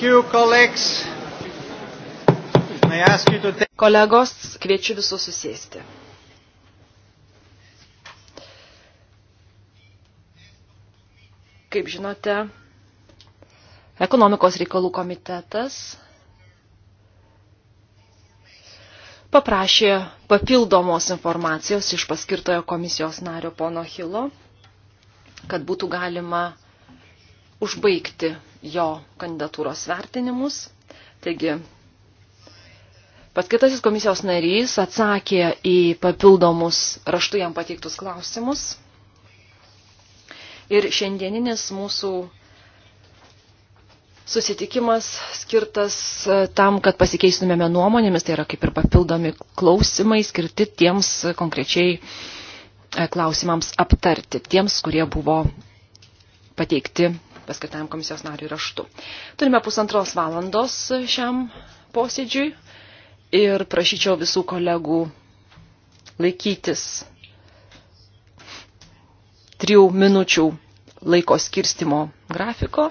You, to... Kolegos, kviečiu visus susėsti. Kaip žinote, ekonomikos reikalų komitetas paprašė papildomos informacijos iš paskirtojo komisijos nario pono Hilo, kad būtų galima užbaigti jo kandidatūros vertinimus. Taigi, paskirtasis komisijos narys atsakė į papildomus raštu jam pateiktus klausimus. Ir šiandieninis mūsų susitikimas skirtas e, tam, kad pasikeistumėme nuomonėmis, tai yra kaip ir papildomi klausimai skirti tiems konkrečiai e, klausimams aptarti, tiems, kurie buvo pateikti paskirtam komisijos nariui raštu. Turime pusantros valandos šiam posėdžiui ir prašyčiau visų kolegų laikytis trijų minučių laiko skirstimo grafiko.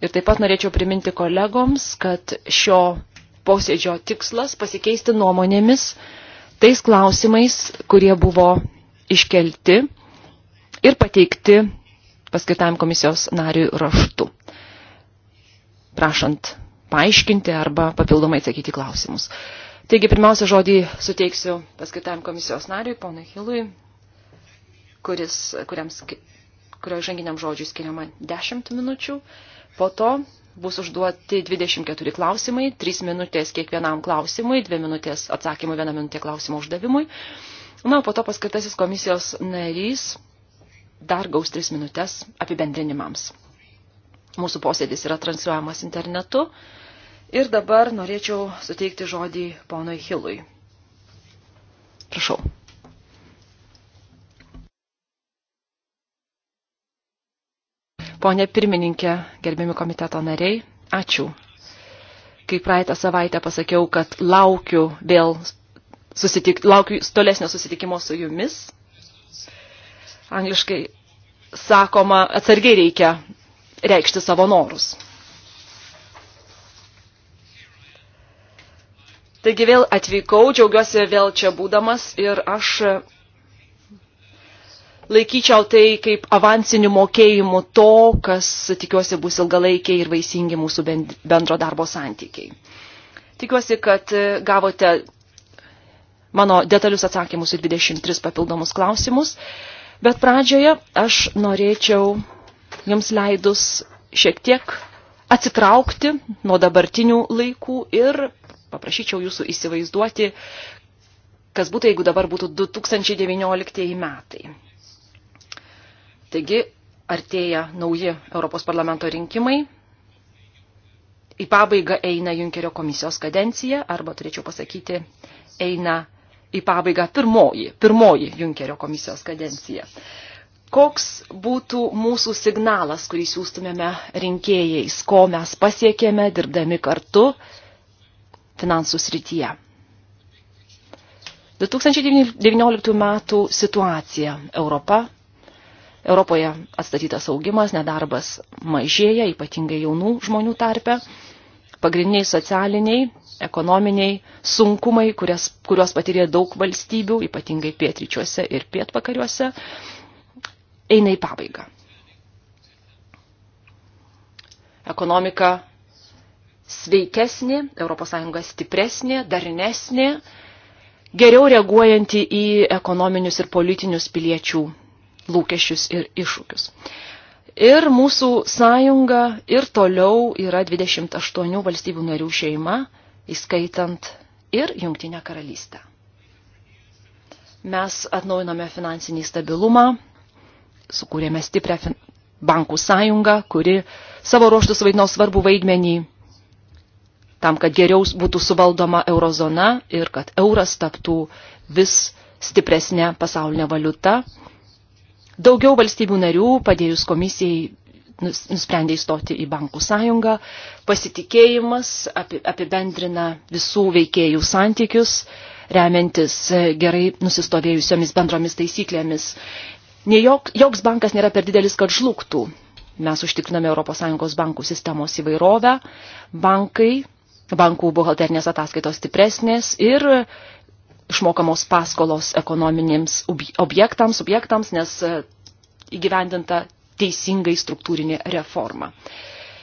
Ir taip pat norėčiau priminti kolegoms, kad šio posėdžio tikslas pasikeisti nuomonėmis tais klausimais, kurie buvo iškelti ir pateikti paskirtam komisijos nariui raštu, prašant paaiškinti arba papildomai atsakyti klausimus. Taigi, pirmiausia, žodį suteiksiu paskirtam komisijos nariui, ponui Hilui, kuris, kuriams, kurio žanginiam žodžiui skiriama 10 minučių. Po to bus užduoti 24 klausimai, 3 minutės kiekvienam klausimui, 2 minutės atsakymui, 1 minutė klausimo uždavimui. Na, po to paskirtasis komisijos narys dar gaus tris minutės apibendrinimams. Mūsų posėdis yra transliuojamas internetu ir dabar norėčiau suteikti žodį ponui Hilui. Prašau. Pone pirmininkė, gerbiami komiteto nariai, ačiū. Kai praeitą savaitę pasakiau, kad laukiu vėl susitik, laukiu tolesnio susitikimo su jumis, angliškai sakoma, atsargiai reikia reikšti savo norus. Taigi vėl atvykau, džiaugiuosi vėl čia būdamas ir aš laikyčiau tai kaip avansinių mokėjimų to, kas tikiuosi bus ilgalaikiai ir vaisingi mūsų bendro darbo santykiai. Tikiuosi, kad gavote mano detalius atsakymus į 23 papildomus klausimus. Bet pradžioje aš norėčiau jums leidus šiek tiek atsitraukti nuo dabartinių laikų ir paprašyčiau jūsų įsivaizduoti, kas būtų, jeigu dabar būtų 2019 metai. Taigi, artėja nauji Europos parlamento rinkimai. Į pabaigą eina Junkerio komisijos kadencija, arba turėčiau pasakyti, eina į pabaigą pirmoji, pirmoji Junkerio komisijos kadencija. Koks būtų mūsų signalas, kurį siūstumėme rinkėjais, ko mes pasiekėme dirbdami kartu finansų srityje? 2019 metų situacija Europa. Europoje atstatytas augimas, nedarbas mažėja, ypatingai jaunų žmonių tarpe pagrindiniai socialiniai, ekonominiai sunkumai, kurias, kuriuos patyrė daug valstybių, ypatingai pietryčiuose ir pietvakariuose, eina į pabaigą. Ekonomika sveikesnė, ES stipresnė, darnesnė, geriau reaguojanti į ekonominius ir politinius piliečių lūkesčius ir iššūkius. Ir mūsų sąjunga ir toliau yra 28 valstybių narių šeima, įskaitant ir Jungtinę karalystę. Mes atnaujiname finansinį stabilumą, sukūrėme stiprią fin... bankų sąjungą, kuri savo ruoštų suvaidino svarbų vaidmenį tam, kad geriau būtų suvaldoma eurozona ir kad euras taptų vis stipresnė pasaulinė valiuta. Daugiau valstybių narių padėjus komisijai nusprendė įstoti į bankų sąjungą. Pasitikėjimas apibendrina visų veikėjų santykius, remiantis e, gerai nusistovėjusiomis bendromis taisyklėmis. Ne jok, joks bankas nėra per didelis, kad žlugtų. Mes užtikriname ES bankų sistemos įvairovę, bankai, bankų buhalternės ataskaitos stipresnės ir išmokamos paskolos ekonominėms objektams, objektams, nes e, įgyvendinta teisingai struktūrinė reforma.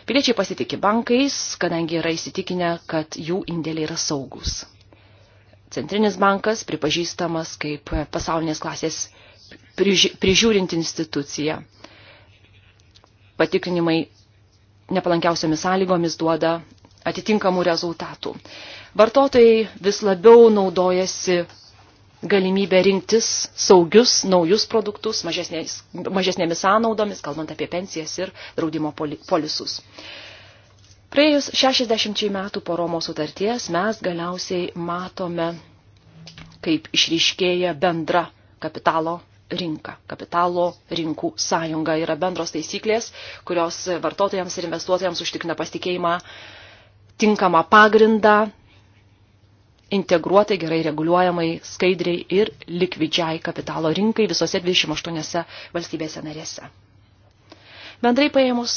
Piliečiai pasitikė bankais, kadangi yra įsitikinę, kad jų indėliai yra saugus. Centrinis bankas pripažįstamas kaip pasaulinės klasės prižiūrinti instituciją. Patikrinimai nepalankiausiamis sąlygomis duoda atitinkamų rezultatų. Vartotojai vis labiau naudojasi galimybę rinktis saugius naujus produktus mažesnės, mažesnėmis sąnaudomis, kalbant apie pensijas ir draudimo polisus. Praėjus 60 metų po Romos sutarties mes galiausiai matome, kaip išryškėja bendra kapitalo rinka. Kapitalo rinkų sąjunga yra bendros taisyklės, kurios vartotojams ir investuotojams užtikrina pasitikėjimą uh, tinkamą pagrindą integruotai, gerai reguliuojamai, skaidriai ir likvidžiai kapitalo rinkai visose 28 valstybėse narėse. Bendrai paėmus,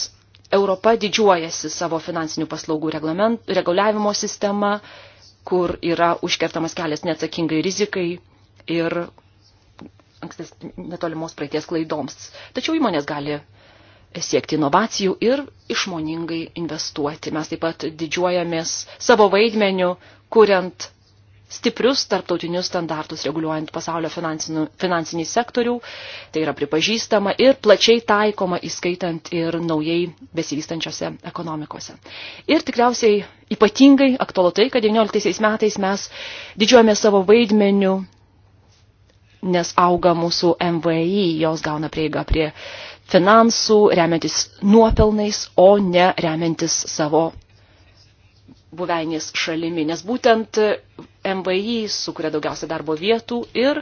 Europa didžiuojasi savo finansinių paslaugų reguliavimo sistema, kur yra užkertamas kelias neatsakingai rizikai ir nettolimos praeities klaidoms. Tačiau įmonės gali siekti inovacijų ir išmoningai investuoti. Mes taip pat didžiuojamės savo vaidmeniu, kuriant stiprius tarptautinius standartus, reguliuojant pasaulio finansinį sektorių. Tai yra pripažįstama ir plačiai taikoma, įskaitant ir naujai besivystančiose ekonomikose. Ir tikriausiai ypatingai aktualu tai, kad 19 metais mes didžiuojame savo vaidmeniu, nes auga mūsų MVI, jos gauna prieigą prie finansų, remiantis nuopelnais, o ne remiantis savo buveinės šalimi, nes būtent MVI sukuria daugiausia darbo vietų ir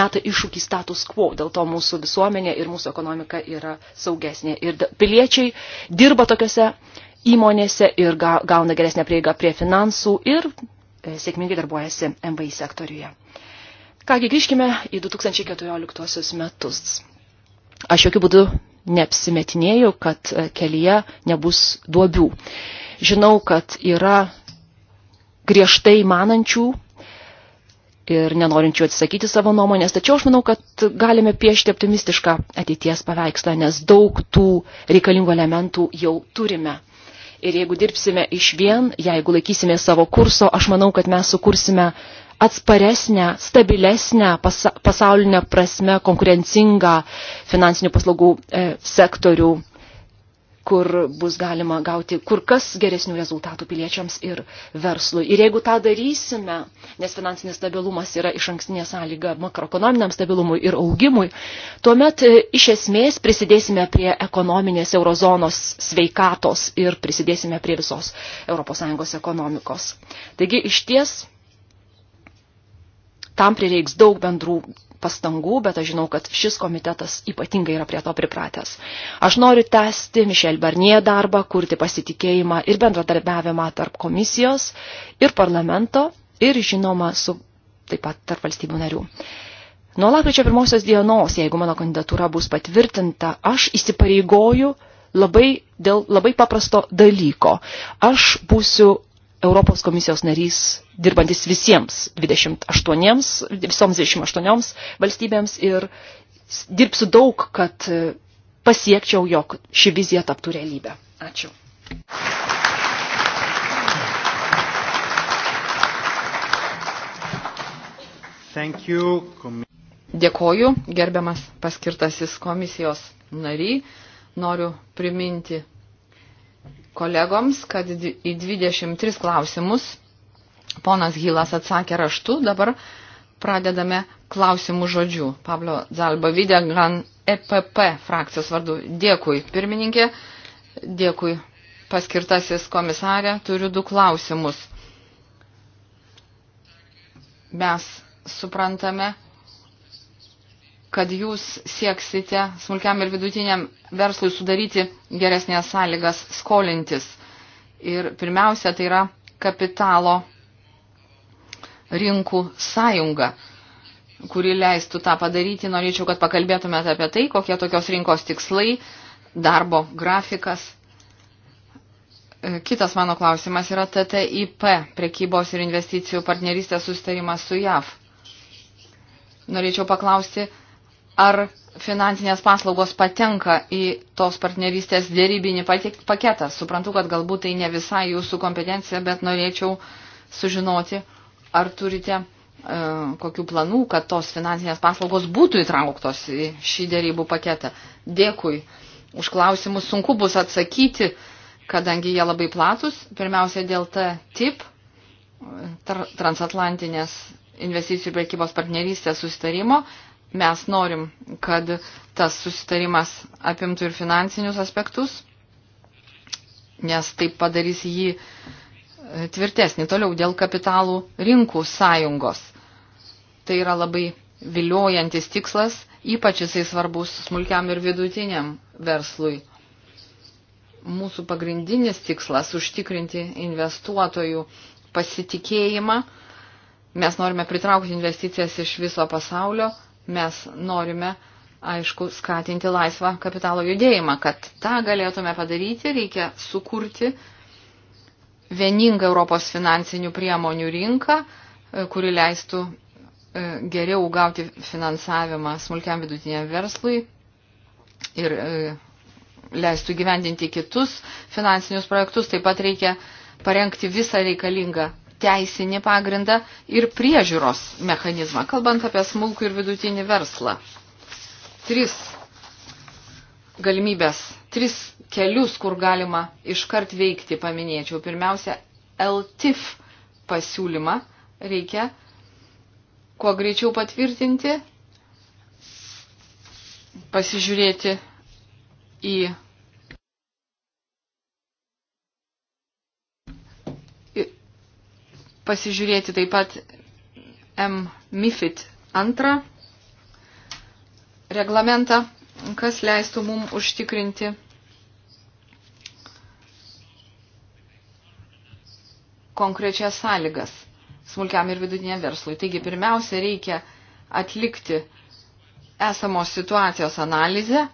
meta iššūkį status quo, dėl to mūsų visuomenė ir mūsų ekonomika yra saugesnė. Ir piliečiai dirba tokiuose įmonėse ir gauna geresnę prieigą prie finansų ir e, sėkmingai darbuojasi MVI sektoriuje. Kągi grįžkime į 2014 metus. Aš jokių būdų neapsimetinėjau, kad e, kelyje nebus duobių. Žinau, kad yra griežtai manančių ir nenorinčių atsisakyti savo nuomonės, tačiau aš manau, kad galime piešti optimistišką ateities paveikslą, nes daug tų reikalingų elementų jau turime. Ir jeigu dirbsime iš vien, jeigu laikysime savo kurso, aš manau, kad mes sukursime atsparesnę, stabilesnę pasaulinę prasme konkurencingą finansinių paslaugų e, sektorių, kur bus galima gauti kur kas geresnių rezultatų piliečiams ir verslui. Ir jeigu tą darysime, nes finansinis stabilumas yra iš ankstinė sąlyga makroekonominiam stabilumui ir augimui, tuomet e, iš esmės prisidėsime prie ekonominės eurozonos sveikatos ir prisidėsime prie visos ES ekonomikos. Taigi iš ties tam prireiks daug bendrų pastangų, bet aš žinau, kad šis komitetas ypatingai yra prie to pripratęs. Aš noriu tęsti Mišel Barnie darbą, kurti pasitikėjimą ir bendradarbiavimą tarp komisijos ir parlamento ir, žinoma, su taip pat tarp valstybių narių. Nuo lakryčio pirmosios dienos, jeigu mano kandidatūra bus patvirtinta, aš įsipareigoju labai dėl labai paprasto dalyko. Aš būsiu Europos komisijos narys, dirbantis visiems 28, visoms 28 valstybėms ir dirbsiu daug, kad e, pasiekčiau, jog ši vizija taptų realybę. Ačiū. Thank you. Dėkoju, gerbiamas paskirtasis komisijos nary. Noriu priminti kolegoms, kad į 23 klausimus ponas Gilas atsakė raštu, dabar pradedame klausimų žodžių. Pablo Zalba Videgan EPP frakcijos vardu. Dėkui, pirmininkė, dėkui, paskirtasis komisarė, turiu du klausimus. Mes suprantame, kad jūs sieksite smulkiam ir vidutiniam verslui sudaryti geresnės sąlygas skolintis. Ir pirmiausia, tai yra kapitalo rinkų sąjunga, kuri leistų tą padaryti. Norėčiau, kad pakalbėtumėte apie tai, kokie tokios rinkos tikslai, darbo grafikas. E, kitas mano klausimas yra TTIP, prekybos ir investicijų partnerystės sustarimas su JAV. Norėčiau paklausti, ar finansinės paslaugos patenka į tos partnerystės dėrybinį paketą. Suprantu, kad galbūt tai ne visai jūsų kompetencija, bet norėčiau sužinoti, ar turite e, kokių planų, kad tos finansinės paslaugos būtų įtrauktos į šį dėrybų paketą. Dėkui. Už klausimus sunku bus atsakyti, kadangi jie labai platus. Pirmiausia, dėl ta tip transatlantinės investicijų ir prekybos partnerystės sustarimo mes norim, kad tas susitarimas apimtų ir finansinius aspektus, nes taip padarys jį e, tvirtesnį toliau dėl kapitalų rinkų sąjungos. Tai yra labai viliojantis tikslas, ypač jisai svarbus smulkiam ir vidutiniam verslui. Mūsų pagrindinis tikslas - užtikrinti investuotojų pasitikėjimą. Mes norime pritraukti investicijas iš viso pasaulio Mes norime, aišku, skatinti laisvą kapitalo judėjimą. Kad tą galėtume padaryti, reikia sukurti vieningą Europos finansinių priemonių rinką, e, kuri leistų e, geriau gauti finansavimą smulkiam vidutiniam verslui ir e, leistų gyvendinti kitus finansinius projektus. Taip pat reikia parengti visą reikalingą teisinį pagrindą ir priežiūros mechanizmą, kalbant apie smulkų ir vidutinį verslą. Tris galimybės, tris kelius, kur galima iškart veikti, paminėčiau. Pirmiausia, LTIF pasiūlymą reikia kuo greičiau patvirtinti, pasižiūrėti į pasižiūrėti taip pat M. MIFID 2 reglamentą, kas leistų mum užtikrinti konkrečias sąlygas smulkiam ir vidutiniam verslui. Taigi pirmiausia reikia atlikti esamos situacijos analizę,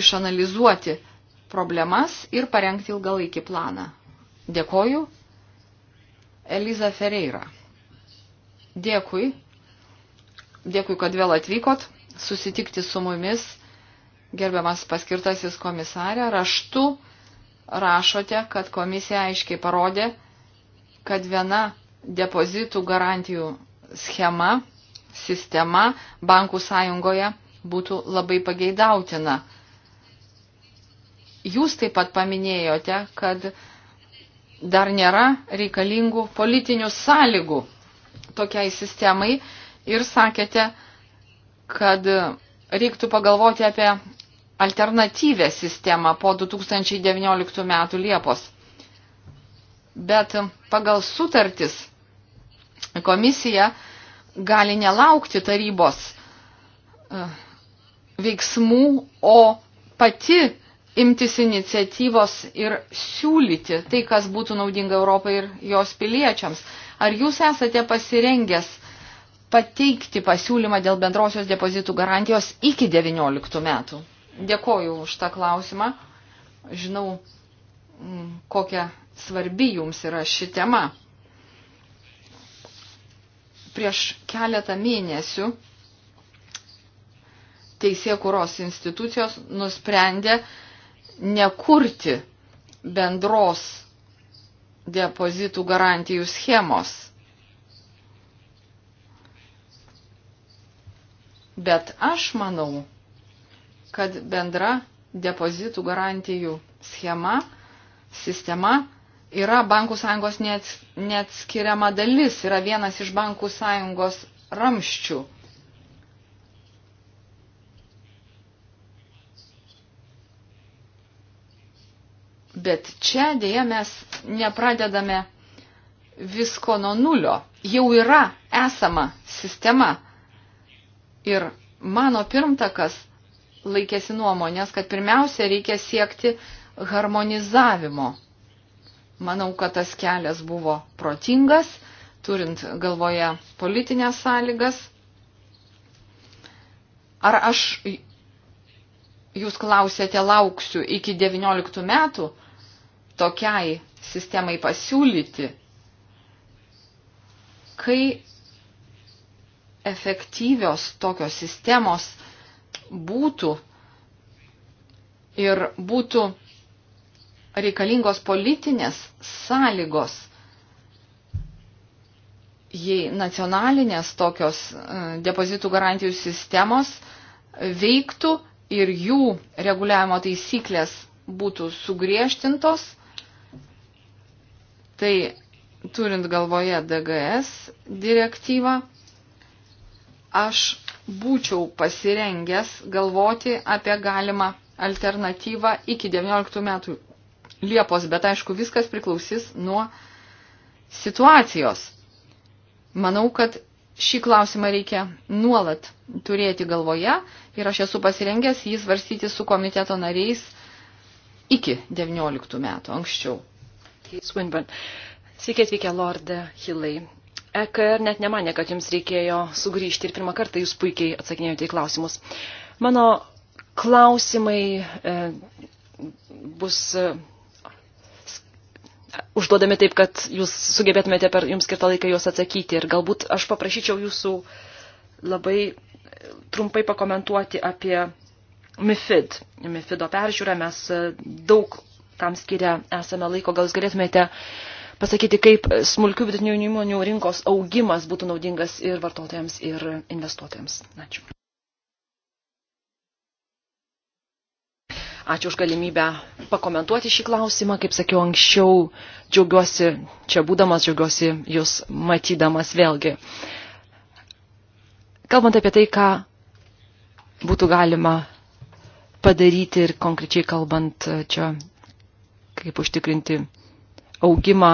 išanalizuoti problemas ir parengti ilgalaikį planą. Dėkoju Eliza Ferreira. Dėkui. Dėkui, kad vėl atvykot susitikti su mumis, gerbiamas paskirtasis komisarė. Raštu rašote, kad komisija aiškiai parodė, kad viena depozitų garantijų schema, sistema bankų sąjungoje būtų labai pageidautina. Jūs taip pat paminėjote, kad dar nėra reikalingų politinių sąlygų tokiai sistemai ir sakėte, kad reiktų pagalvoti apie alternatyvę sistemą po 2019 metų Liepos. Bet pagal sutartis komisija gali nelaukti tarybos e, veiksmų, o pati imtis iniciatyvos ir siūlyti tai, kas būtų naudinga Europai ir jos piliečiams. Ar jūs esate pasirengęs pateikti pasiūlymą dėl bendrosios depozitų garantijos iki 19 metų? Dėkoju už tą klausimą. Žinau, mm, kokia svarbi jums yra ši tema. Prieš keletą mėnesių teisėkuros institucijos nusprendė, nekurti bendros depozitų garantijų schemos. Bet aš manau, kad bendra depozitų garantijų schema, sistema yra bankų sąjungos neatskiriama dalis, yra vienas iš bankų sąjungos ramščių. Bet čia dėja mes nepradedame visko nuo nulio. Jau yra esama sistema. Ir mano pirmtakas laikėsi nuomonės, kad pirmiausia reikia siekti harmonizavimo. Manau, kad tas kelias buvo protingas, turint galvoje politinės sąlygas. Ar aš, jūs klausėte, lauksiu iki 19 metų? tokiai sistemai pasiūlyti, kai efektyvios tokios sistemos būtų ir būtų reikalingos politinės sąlygos, jei nacionalinės tokios e, depozitų garantijų sistemos veiktų ir jų reguliavimo taisyklės būtų sugriežtintos, Tai turint galvoje DGS direktyvą, aš būčiau pasirengęs galvoti apie galimą alternatyvą iki 19 metų Liepos, bet aišku, viskas priklausys nuo situacijos. Manau, kad šį klausimą reikia nuolat turėti galvoje ir aš esu pasirengęs jį svarstyti su komiteto nariais iki 19 metų anksčiau. Swinburne. Sveiki atvykę, Lorde Hillai. EKR net nemanė, kad jums reikėjo sugrįžti ir pirmą kartą jūs puikiai atsakinėjote į klausimus. Mano klausimai e, bus e, užduodami taip, kad jūs sugebėtumėte per jums skirtą laiką juos atsakyti. Ir galbūt aš paprašyčiau jūsų labai e, trumpai pakomentuoti apie MIFID. MIFIDO peržiūrą mes e, daug tam skiria esame laiko. Gal jūs galėtumėte pasakyti, kaip smulkių vidutinių įmonių rinkos augimas būtų naudingas ir vartotojams, ir investuotojams. Ačiū. Ačiū už galimybę pakomentuoti šį klausimą. Kaip sakiau anksčiau, džiaugiuosi čia būdamas, džiaugiuosi jūs matydamas vėlgi. Kalbant apie tai, ką būtų galima padaryti ir konkrečiai kalbant čia kaip užtikrinti augimą,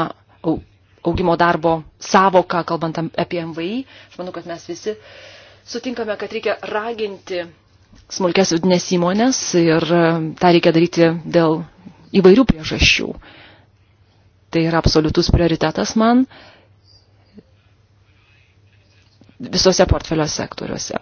augimo darbo savoką, kalbant apie MVI. Aš manau, kad mes visi sutinkame, kad reikia raginti smulkės vidinės įmonės ir e, tą reikia daryti dėl įvairių priežasčių. Tai yra absoliutus prioritetas man visose portfelio sektoriuose.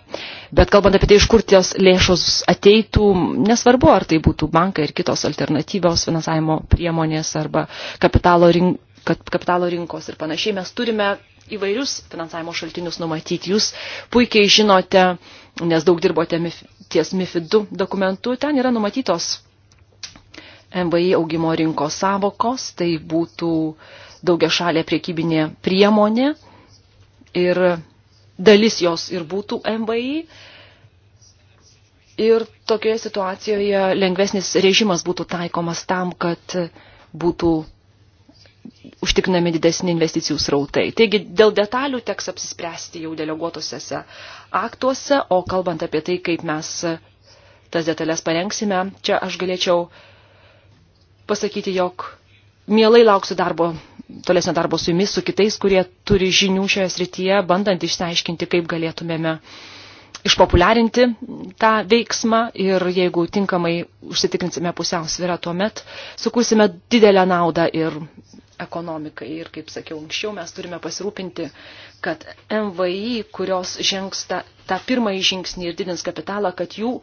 Bet kalbant apie tai, iš kur tos lėšos ateitų, nesvarbu, ar tai būtų bankai ir kitos alternatyvios finansavimo priemonės arba kapitalo, rink, kapitalo rinkos ir panašiai, mes turime įvairius finansavimo šaltinius numatyti. Jūs puikiai žinote, nes daug dirbote MIF, ties MIFID 2 dokumentu, ten yra numatytos MVI augimo rinkos savokos, tai būtų daugia šalė priekybinė priemonė ir dalis jos ir būtų MVI. Ir tokioje situacijoje lengvesnis režimas būtų taikomas tam, kad būtų užtikrinami didesni investicijų srautai. Taigi dėl detalių teks apsispręsti jau deleguotosiuose aktuose, o kalbant apie tai, kaip mes tas detalės parengsime, čia aš galėčiau pasakyti, jog Mielai lauksiu darbo, tolesnio darbo su jumis, su kitais, kurie turi žinių šioje srityje, bandant išsiaiškinti, kaip galėtumėme išpopuliarinti tą veiksmą ir jeigu tinkamai užsitikrinsime pusiausvyrą, tuomet sukursime didelę naudą ir ekonomikai. Ir kaip sakiau anksčiau, mes turime pasirūpinti, kad MVI, kurios žengsta tą pirmąjį žingsnį ir didins kapitalą, kad jų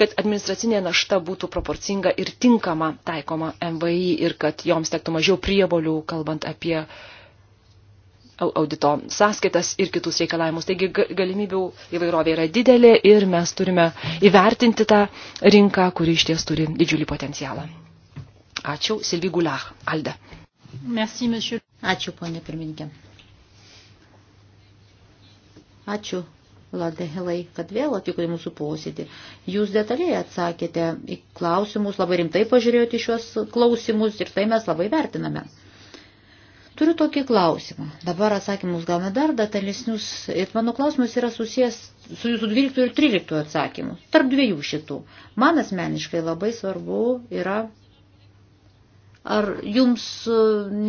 kad administracinė našta būtų proporcinga ir tinkama taikoma MVI ir kad joms tektų mažiau prievolių, kalbant apie audito sąskaitas ir kitus reikalavimus. Taigi galimybių įvairovė yra didelė ir mes turime įvertinti tą rinką, kuri iš ties turi didžiulį potencialą. Ačiū, Silvi Gulah, Alda. Merci, monsieur. Ačiū, ponė pirmininkė. Ačiū Ladehilai, kad vėl atvykote mūsų posėdį. Jūs detaliai atsakėte į klausimus, labai rimtai pažiūrėjote šiuos klausimus ir tai mes labai vertiname. Turiu tokį klausimą. Dabar atsakymus gavome dar detalesnius. Ir mano klausimas yra susijęs su jūsų 12 ir 13 atsakymu. Tarp dviejų šitų. Man asmeniškai labai svarbu yra, ar jums e,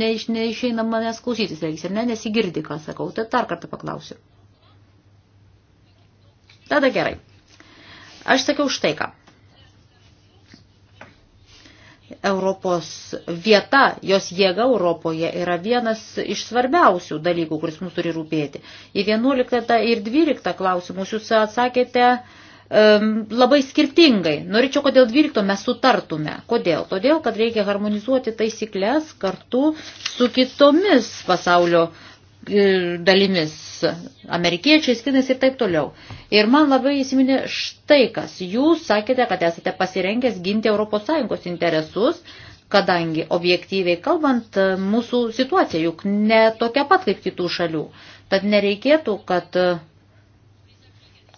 neiš, neišeina manęs klausytis, reiks, ar ne, nesigirdi, ką sakau. Tai dar kartą paklausiu. Tada gerai. Aš sakiau štai ką. Europos vieta, jos jėga Europoje yra vienas iš svarbiausių dalykų, kuris mums turi rūpėti. Į 11 ir 12 klausimus jūs atsakėte um, labai skirtingai. Norėčiau, kodėl 12 mes sutartume. Kodėl? Todėl, kad reikia harmonizuoti taisyklės kartu su kitomis pasaulio uh, E, dalimis, amerikiečiais, kinais ir taip toliau. Ir man labai įsiminė štai kas. Jūs sakėte, kad esate pasirengęs ginti ES interesus, kadangi objektyviai kalbant, e, mūsų situacija juk ne tokia pat kaip kitų šalių. Tad nereikėtų, kad e,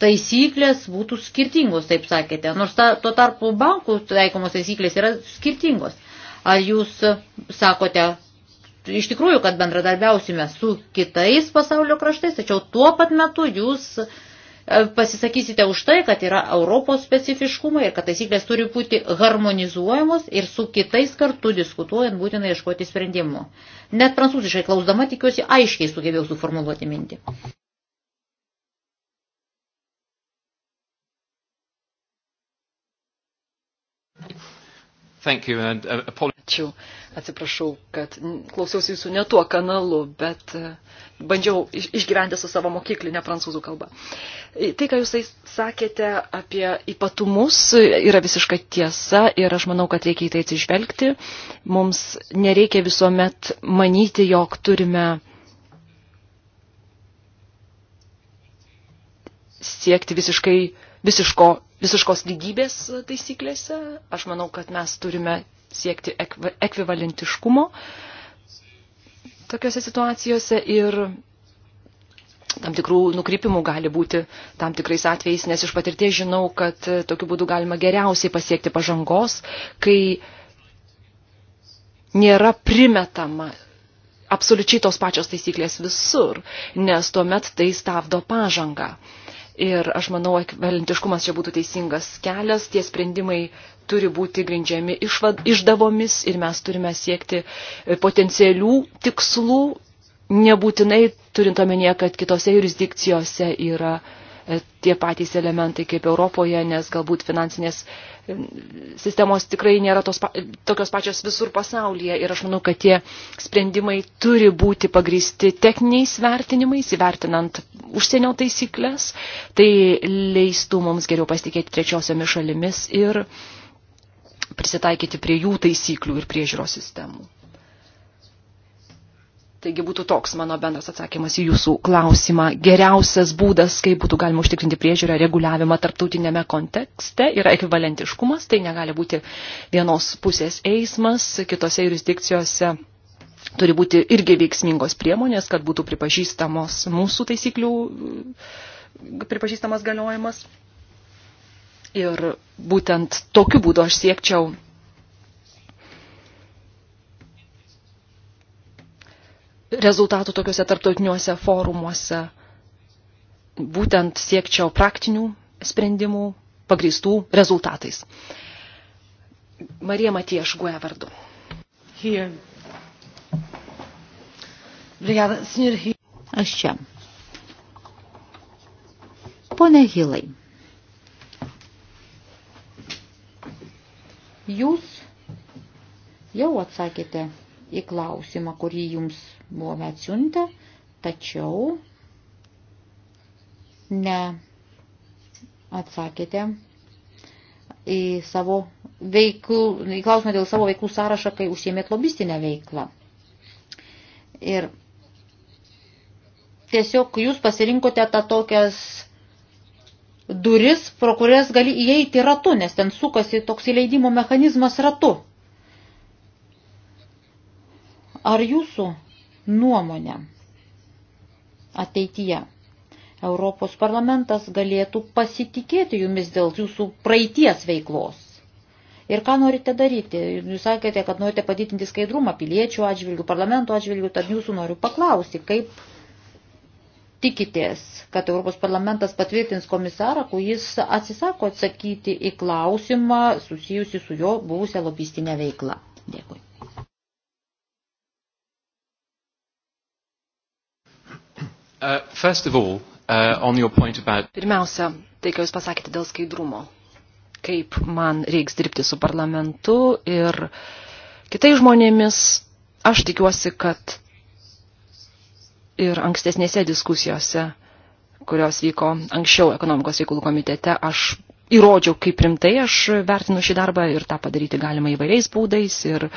taisyklės būtų skirtingos, taip sakėte. Nors ta, tuo tarpu bankų taikomos taisyklės yra skirtingos. Ar jūs sakote, iš tikrųjų, kad bendradarbiausime su kitais pasaulio kraštais, tačiau tuo pat metu jūs e, pasisakysite už tai, kad yra Europos specifiškumai ir kad taisyklės turi būti harmonizuojamos ir su kitais kartu diskutuojant būtinai ieškoti sprendimų. Net prancūziškai klausdama tikiuosi aiškiai sugebėjau suformuluoti mintį. And, uh, Ačiū. Atsiprašau, kad klausiausi jūsų ne tuo kanalu, bet uh, bandžiau išgyventi su savo mokyklinė prancūzų kalba. Tai, ką jūs sakėte apie ypatumus, yra visiška tiesa ir aš manau, kad reikia į tai atsižvelgti. Mums nereikia visuomet manyti, jog turime siekti visiškai visiško, visiškos lygybės taisyklėse. Aš manau, kad mes turime siekti ekvivalentiškumo tokiuose situacijose ir tam tikrų nukrypimų gali būti tam tikrais atvejais, nes iš patirties žinau, kad tokiu būdu galima geriausiai pasiekti pažangos, kai nėra primetama absoliučiai tos pačios taisyklės visur, nes tuomet tai stabdo pažangą. Ir aš manau, ekvivalentiškumas čia būtų teisingas kelias, tie sprendimai turi būti grindžiami išvad, išdavomis ir mes turime siekti e, potencialių tikslų, nebūtinai turint omenyje, kad kitose jurisdikcijose yra uh, tie patys elementai kaip Europoje, nes galbūt finansinės sistemos tikrai nėra tos, tokios pačios visur pasaulyje ir aš manau, kad tie sprendimai turi būti pagristi techniniais vertinimais, įvertinant užsienio taisyklės, tai leistų mums geriau pasitikėti trečiosiomis šalimis ir prisitaikyti prie jų taisyklių ir priežiūros sistemų. Taigi būtų toks mano bendras atsakymas į jūsų klausimą. Geriausias būdas, kaip būtų galima užtikrinti priežiūrą reguliavimą tarptautinėme kontekste, yra ekvivalentiškumas. Tai negali būti vienos pusės eismas, kitose jurisdikcijose turi būti irgi veiksmingos priemonės, kad būtų pripažįstamos mūsų taisyklių pripažįstamas galiojimas. Ir būtent tokiu būdu aš siekčiau rezultatų tokiuose tarptautiniuose forumuose. Būtent siekčiau praktinių sprendimų pagrįstų rezultatais. Marija Matieš Guoja vardu. Aš čia. Pone Hilai, jūs jau atsakėte į klausimą, kurį jums buvome atsiuntę, tačiau ne atsakėte į savo veiklų, į klausimą dėl savo veiklų sąrašą, kai užsiemėt lobistinę veiklą. Ir tiesiog jūs pasirinkote tą tokias duris, pro kurias gali įeiti ratu, nes ten sukasi toks įleidimo mechanizmas ratu. Ar jūsų nuomonę ateityje. Europos parlamentas galėtų pasitikėti jumis dėl jūsų praeities veiklos. Ir ką norite daryti? Jūs sakėte, kad norite padidinti skaidrumą piliečių atžvilgių, parlamento atžvilgių, tad jūsų noriu paklausti, kaip tikitės, kad Europos parlamentas patvirtins komisarą, kai jis atsisako atsakyti į klausimą susijusi su jo buvusią lobistinę veiklą. Dėkui. Uh, all, uh, about... Pirmiausia, tai, ką Jūs pasakėte dėl skaidrumo. Kaip man reiks dirbti su parlamentu ir kitais žmonėmis, aš tikiuosi, kad ir ankstesnėse diskusijose, kurios vyko anksčiau ekonomikos reikalų komitete, aš įrodžiau, kaip rimtai aš vertinu šį darbą ir tą padaryti galima įvairiais būdais ir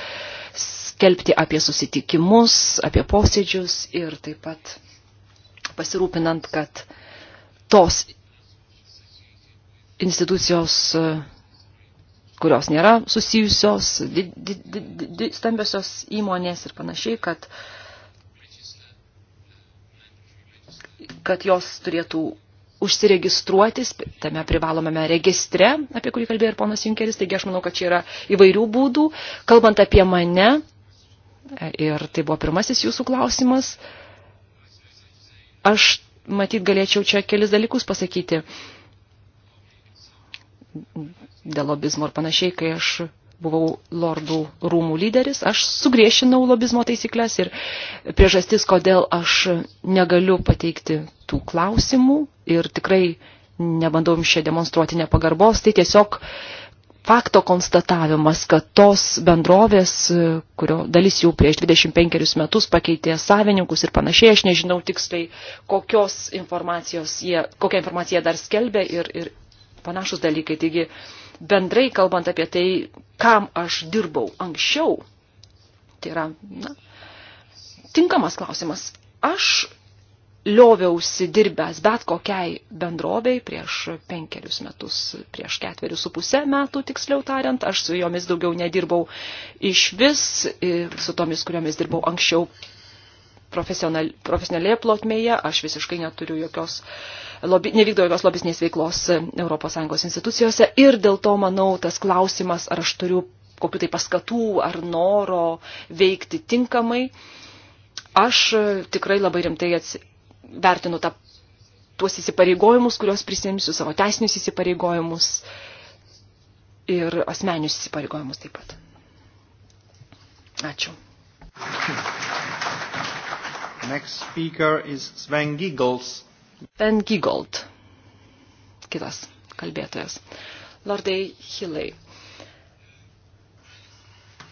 skelbti apie susitikimus, apie posėdžius ir taip pat pasirūpinant, kad tos institucijos, e, kurios nėra susijusios, did, did, did, stambiosios įmonės ir panašiai, kad, kad jos turėtų užsiregistruoti tame privalomame registre, apie kurį kalbėjo ir ponas Junkeris, taigi aš manau, kad čia yra įvairių būdų. Kalbant apie mane, e, ir tai buvo pirmasis jūsų klausimas, uh, Aš matyt galėčiau čia kelis dalykus pasakyti dėl lobizmo ir panašiai, kai aš buvau lordų rūmų lyderis, aš sugriešinau lobizmo taisyklės ir priežastis, kodėl aš negaliu pateikti tų klausimų ir tikrai nebandau jums čia demonstruoti nepagarbos, tai tiesiog uh, fakto konstatavimas, kad tos bendrovės, kurio dalis jų prieš 25 metus pakeitė savininkus ir panašiai, aš nežinau tiksliai, kokios informacijos jie, kokią informaciją dar skelbė ir, ir panašus dalykai. Taigi, bendrai kalbant apie tai, kam aš dirbau anksčiau, tai yra, na, tinkamas klausimas. Aš lioviausi dirbęs bet kokiai bendrovei prieš penkerius metus, prieš ketverius su pusę metų, tiksliau tariant, aš su jomis daugiau nedirbau iš vis, su tomis, kuriomis dirbau anksčiau profesionalėje plotmėje, aš visiškai neturiu jokios, lobi, nevykdau jokios lobisnės veiklos ES institucijose ir dėl to, manau, tas klausimas, ar aš turiu kokiu tai paskatų ar noro veikti tinkamai, aš tikrai labai rimtai vertinu tą, tuos įsipareigojimus, kuriuos prisimsiu, savo teisinius įsipareigojimus ir asmenius įsipareigojimus taip pat. Ačiū. Next speaker is Sven Giggles. Sven Giggold, kitas kalbėtojas. Lordai Hilai,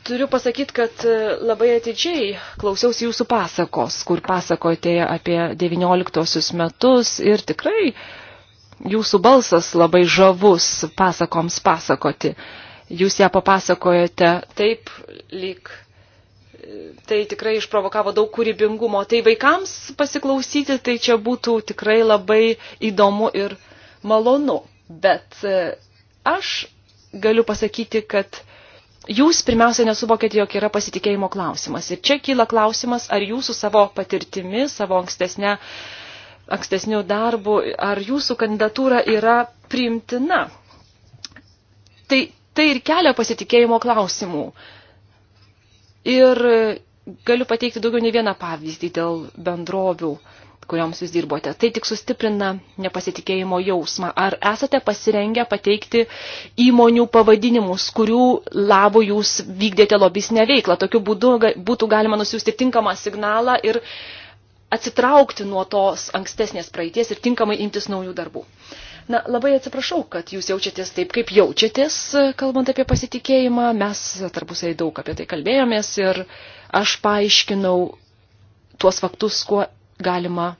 Turiu pasakyti, kad e, labai atidžiai klausiausi jūsų pasakos, kur pasakote apie 19 metus ir tikrai jūsų balsas labai žavus pasakoms pasakoti. Jūs ją papasakojate taip, lyg e, tai tikrai išprovokavo daug kūrybingumo. Tai vaikams pasiklausyti, tai čia būtų tikrai labai įdomu ir malonu. Bet e, aš galiu pasakyti, kad jūs pirmiausia nesuvokėte, jog yra pasitikėjimo klausimas. Ir čia kyla klausimas, ar jūsų savo patirtimi, savo ankstesnė, ankstesnių darbų, ar jūsų kandidatūra yra priimtina. Tai, tai ir kelia pasitikėjimo klausimų. Ir galiu pateikti daugiau nei vieną pavyzdį dėl bendrovių kurioms jūs dirbote. Tai tik sustiprina nepasitikėjimo jausmą. Ar esate pasirengę pateikti įmonių pavadinimus, kurių labų jūs vykdėte lobisnę veiklą? Tokiu būdu būtų galima nusiųsti tinkamą signalą ir atsitraukti nuo tos ankstesnės praeities ir tinkamai imtis naujų darbų. Na, labai atsiprašau, kad jūs jaučiatės taip, kaip jaučiatės, kalbant apie pasitikėjimą. Mes tarpusai daug apie tai kalbėjomės ir aš paaiškinau tuos faktus, kuo galima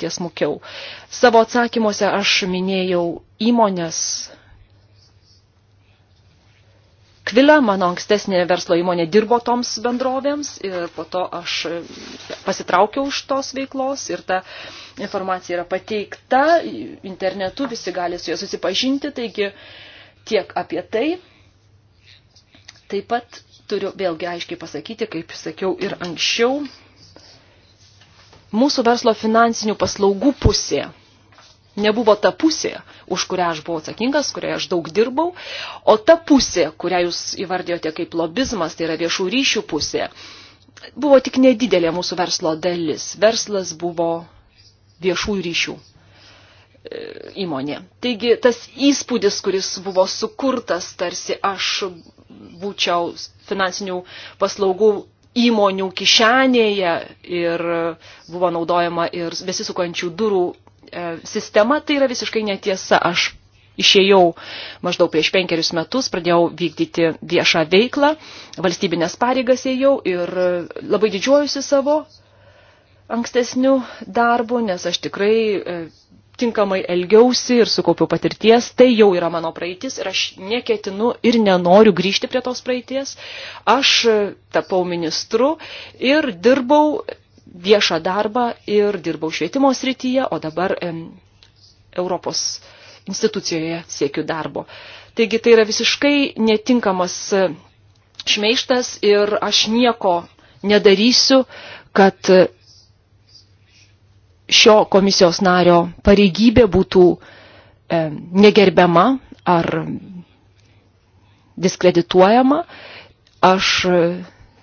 tiesmukiau. Savo atsakymuose aš minėjau įmonės. Kvila, mano ankstesnė verslo įmonė, dirbo toms bendrovėms ir po to aš pasitraukiau iš tos veiklos ir ta informacija yra pateikta, internetu visi gali su ja susipažinti, taigi tiek apie tai. Taip pat turiu vėlgi aiškiai pasakyti, kaip sakiau ir anksčiau, mūsų verslo finansinių paslaugų pusė nebuvo ta pusė, už kurią aš buvau atsakingas, kurioje aš daug dirbau, o ta pusė, kurią jūs įvardėjote kaip lobizmas, tai yra viešų ryšių pusė, buvo tik nedidelė mūsų verslo dalis. Verslas buvo viešų ryšių e, įmonė. Taigi tas įspūdis, kuris buvo sukurtas, tarsi aš būčiau finansinių paslaugų įmonių kišenėje ir buvo naudojama ir besisukančių durų e, sistema, tai yra visiškai netiesa. Aš išėjau maždaug prieš penkerius metus, pradėjau vykdyti viešą veiklą, valstybinės pareigas ėjau ir labai didžiuojusi savo ankstesnių darbų, nes aš tikrai e, tinkamai elgiausi ir sukaupiau patirties, tai jau yra mano praeitis ir aš neketinu ir nenoriu grįžti prie tos praeities. Aš e, tapau ministru ir dirbau viešą darbą ir dirbau švietimo srityje, o dabar em, Europos institucijoje siekiu darbo. Taigi tai yra visiškai netinkamas e, šmeištas ir aš nieko nedarysiu, kad e, šio komisijos nario pareigybė būtų e, negerbiama ar diskredituojama. Aš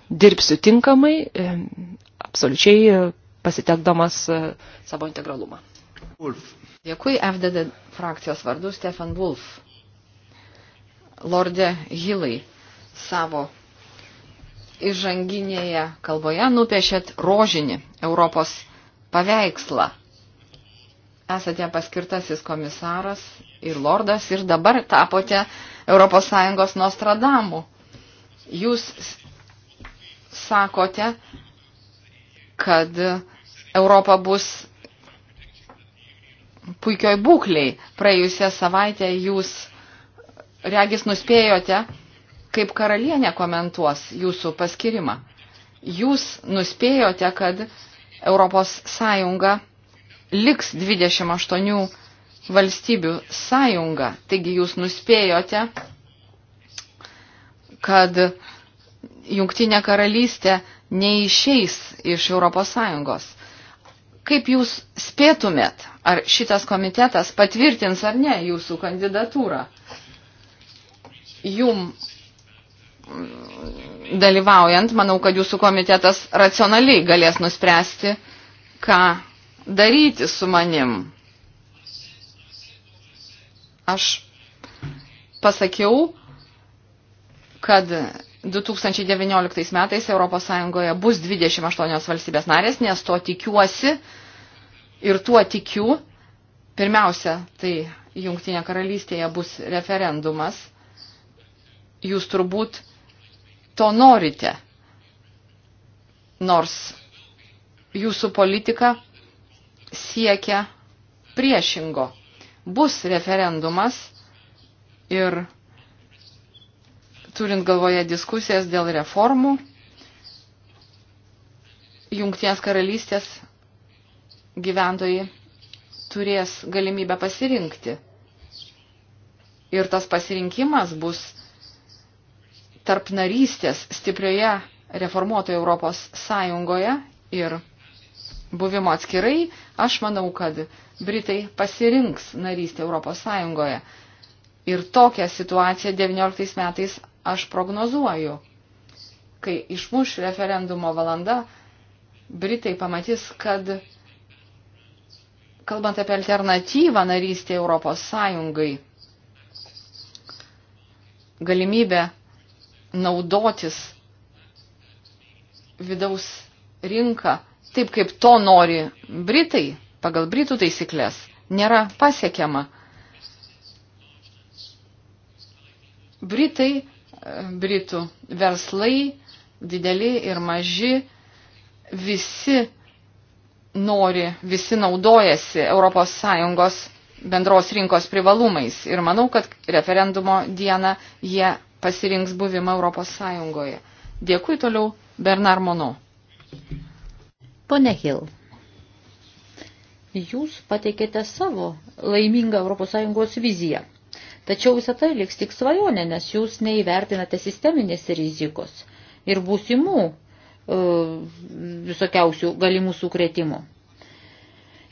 dirbsiu tinkamai, e, absoliučiai pasitekdamas e, savo integralumą. Wolf. Dėkui FDD frakcijos vardu Stefan Wolf. Lorde Hilai savo įžanginėje kalboje nupiešėt rožinį Europos paveikslą. Esate paskirtasis komisaras ir lordas ir dabar tapote ES Nostradamu. Jūs sakote, kad Europa bus puikioj būkliai. Praėjusią savaitę jūs, regis, nuspėjote, kaip karalienė komentuos jūsų paskirimą. Jūs nuspėjote, kad Europos Sąjunga liks 28 valstybių sąjunga. Taigi jūs nuspėjote, kad Jungtinė karalystė neišeis iš Europos Sąjungos. Kaip jūs spėtumėt, ar šitas komitetas patvirtins ar ne jūsų kandidatūrą? Jum dalyvaujant, manau, kad jūsų komitetas racionaliai galės nuspręsti, ką daryti su manim. Aš pasakiau, kad 2019 metais Europos Sąjungoje bus 28 valstybės narės, nes to tikiuosi ir tuo tikiu. Pirmiausia, tai Jungtinė karalystėje bus referendumas. Jūs turbūt to norite. Nors jūsų politika siekia priešingo. Bus referendumas ir turint galvoje diskusijas dėl reformų, Jungtinės karalystės gyventojai turės galimybę pasirinkti. Ir tas pasirinkimas bus tarp narystės stiprioje reformuotoje Europos Sąjungoje ir buvimo atskirai, aš manau, kad Britai pasirinks narystę Europos Sąjungoje. Ir tokią situaciją 19 metais aš prognozuoju. Kai išmuš referendumo valanda, Britai pamatys, kad kalbant apie alternatyvą narystę Europos Sąjungai, galimybę naudotis vidaus rinka taip, kaip to nori Britai pagal Britų taisyklės, nėra pasiekiama. Britai, Britų verslai, dideli ir maži, visi nori, visi naudojasi ES bendros rinkos privalumais. Ir manau, kad referendumo dieną jie pasirinks buvimą Europos Sąjungoje. Dėkui toliau Bernard Mono. Pone Hill, jūs pateikėte savo laimingą ES viziją. Tačiau visą tai liks tik svajonė, nes jūs neįvertinate sisteminės rizikos ir būsimų e, visokiausių galimų sukretimų.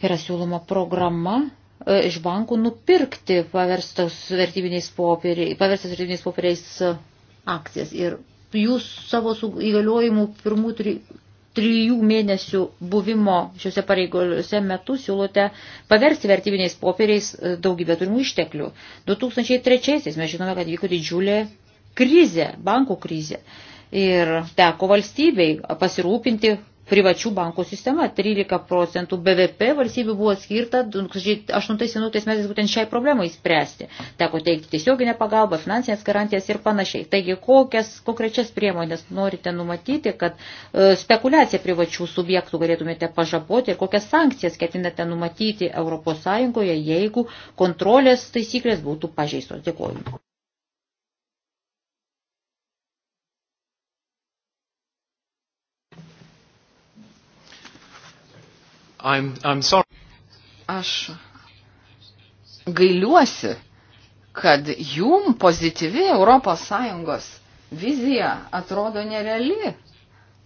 Yra siūloma programa, E, iš bankų nupirkti paverstos vertybiniais popieriais, paverstos vertybiniais popieriais e, akcijas. Ir jūs savo įgaliojimų pirmų tri, trijų mėnesių buvimo šiuose pareigose metu siūlote paversti vertybiniais popieriais e, daugybę turimų išteklių. 2003 mes žinome, kad vyko didžiulė krizė, bankų krizė. Ir teko valstybei pasirūpinti, privačių bankų sistema. 13 procentų BVP valstybių buvo skirta 2008 metais būtent šiai problemai spręsti. Teko teikti tiesioginę pagalbą, finansinės garantijas ir panašiai. Taigi, kokias konkrečias priemonės norite numatyti, kad e, spekulaciją privačių subjektų galėtumėte pažaboti ir kokias sankcijas ketinate numatyti ES, jeigu kontrolės taisyklės būtų pažeistos. Dėkuoju. I'm, I'm sorry. Aš gailiuosi, kad jum pozityvi ES vizija atrodo nereali.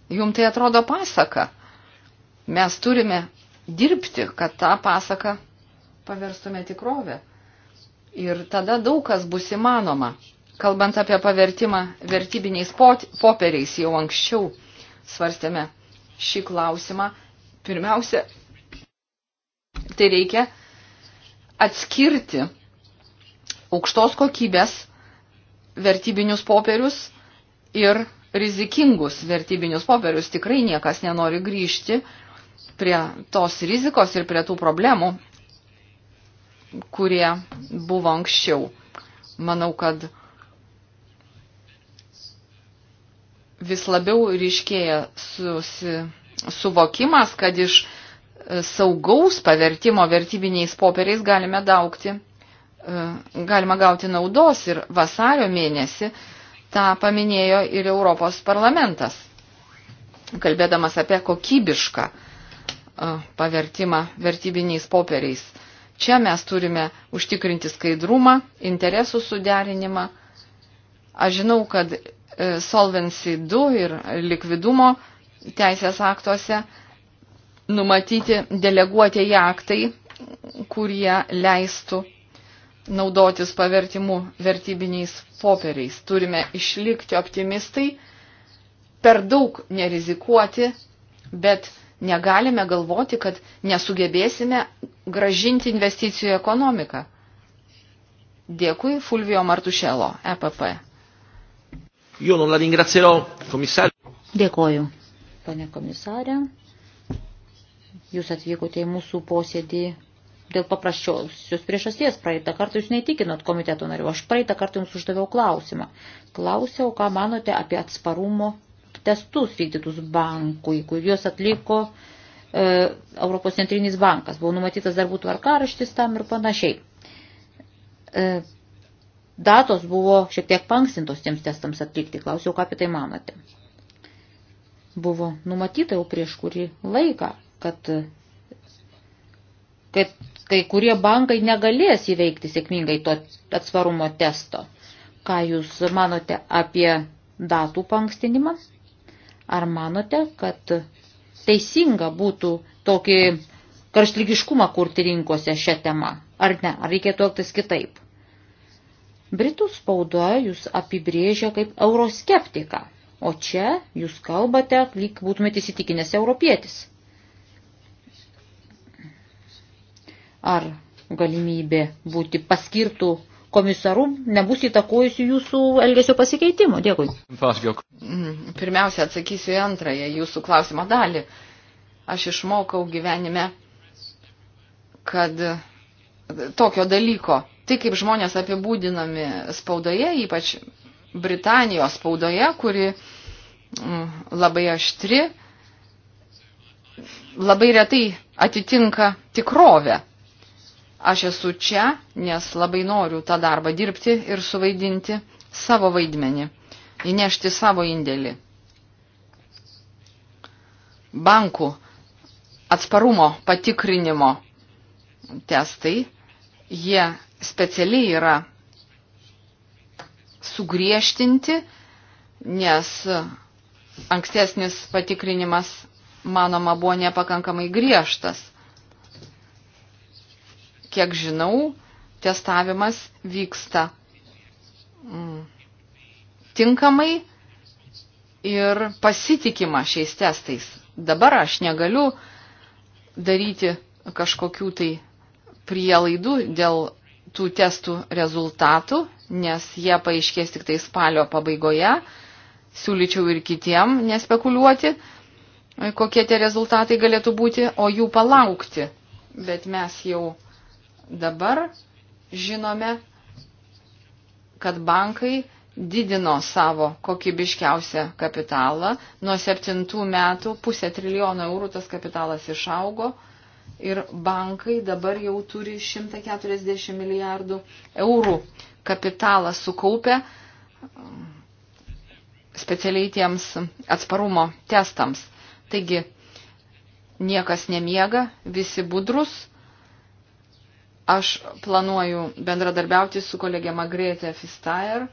Jum tai atrodo pasaka. Mes turime dirbti, kad tą pasaką paverstume tikrovę. Ir tada daug kas bus įmanoma. Kalbant apie pavertimą vertybiniais popieriais, jau anksčiau svarstėme šį klausimą. Pirmiausia, tai reikia atskirti aukštos kokybės vertybinius popierius ir rizikingus vertybinius popierius. Tikrai niekas nenori grįžti prie tos rizikos ir prie tų problemų, kurie buvo anksčiau. Manau, kad vis labiau ryškėja susi, suvokimas, kad iš saugaus pavertimo vertybiniais popieriais galime daugti, e, galima gauti naudos ir vasario mėnesį tą paminėjo ir Europos parlamentas, kalbėdamas apie kokybišką e, pavertimą vertybiniais popieriais. Čia mes turime užtikrinti skaidrumą, interesų suderinimą. Aš žinau, kad e, Solvency 2 ir likvidumo teisės aktuose numatyti deleguotieji aktai, kurie leistų naudotis pavertimu vertybiniais popieriais. Turime išlikti optimistai, per daug nerizikuoti, bet negalime galvoti, kad nesugebėsime gražinti investicijų į ekonomiką. Dėkui Fulvio Martušelo, EPP. Dėkoju, pane komisarė. Jūs atvykote į mūsų posėdį dėl paprasčiausios priežasties. Praeitą kartą jūs neįtikinot komiteto narių. Aš praeitą kartą jums uždaviau klausimą. Klausiau, ką manote apie atsparumo testus vykdytus bankui, kuriuos atliko e, Europos centrinis bankas. Buvo numatytas darbų tvarkaraštis tam ir panašiai. E, datos buvo šiek tiek panksintos tiems testams atlikti. Klausiau, ką apie tai manote. Buvo numatyta jau prieš kurį laiką, kad, kad kai kurie bankai negalės įveikti sėkmingai to atsvarumo testo. Ką Jūs manote apie datų pankstinimą? Ar manote, kad teisinga būtų tokį karštlygiškumą kurti rinkose šią temą? Ar ne? Ar reikėtų elgtis kitaip? Britų spauda jūs apibrėžia kaip euroskeptiką, o čia jūs kalbate, lyg būtumėte įsitikinęs europietis. Ar galimybė būti paskirtų komisaru nebus įtakojusi jūsų elgesio pasikeitimo? Dėkui. Mm, pirmiausia, atsakysiu į antrąją jūsų klausimo dalį. Aš išmokau gyvenime, kad tokio dalyko, tai kaip žmonės apibūdinami spaudoje, ypač Britanijos spaudoje, kuri mm, labai aštri, labai retai atitinka tikrovę. Aš esu čia, nes labai noriu tą darbą dirbti ir suvaidinti savo vaidmenį, įnešti savo indėlį. Bankų atsparumo patikrinimo testai, jie specialiai yra sugriežtinti, nes ankstesnis patikrinimas, manoma, buvo nepakankamai griežtas. Kiek žinau, testavimas vyksta mm, tinkamai ir pasitikima šiais testais. Dabar aš negaliu daryti kažkokių tai prielaidų dėl tų testų rezultatų, nes jie paaiškės tik tai spalio pabaigoje. Siūlyčiau ir kitiem nespekuliuoti, kokie tie rezultatai galėtų būti, o jų palaukti. Bet mes jau Dabar žinome, kad bankai didino savo kokybiškiausią kapitalą. Nuo septintų metų pusę trilijono eurų tas kapitalas išaugo ir bankai dabar jau turi 140 milijardų eurų kapitalą sukaupę specialiai tiems atsparumo testams. Taigi niekas nemiega, visi budrus Aš planuoju bendradarbiauti su kolegė Magrėte Fistair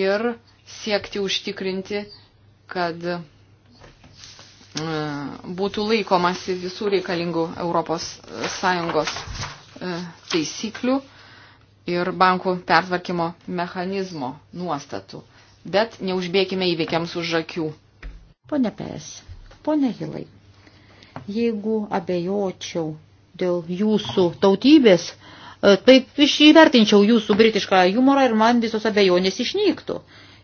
ir siekti užtikrinti, kad e, būtų laikomasi visų reikalingų ES e, taisyklių ir bankų pertvarkymo mechanizmo nuostatų. Bet neužbėgime įvykiams už akių. Pone Pės, pone Hilai, jeigu abejočiau dėl jūsų tautybės, e, taip išvertinčiau jūsų britišką humorą ir man visos abejonės išnyktų.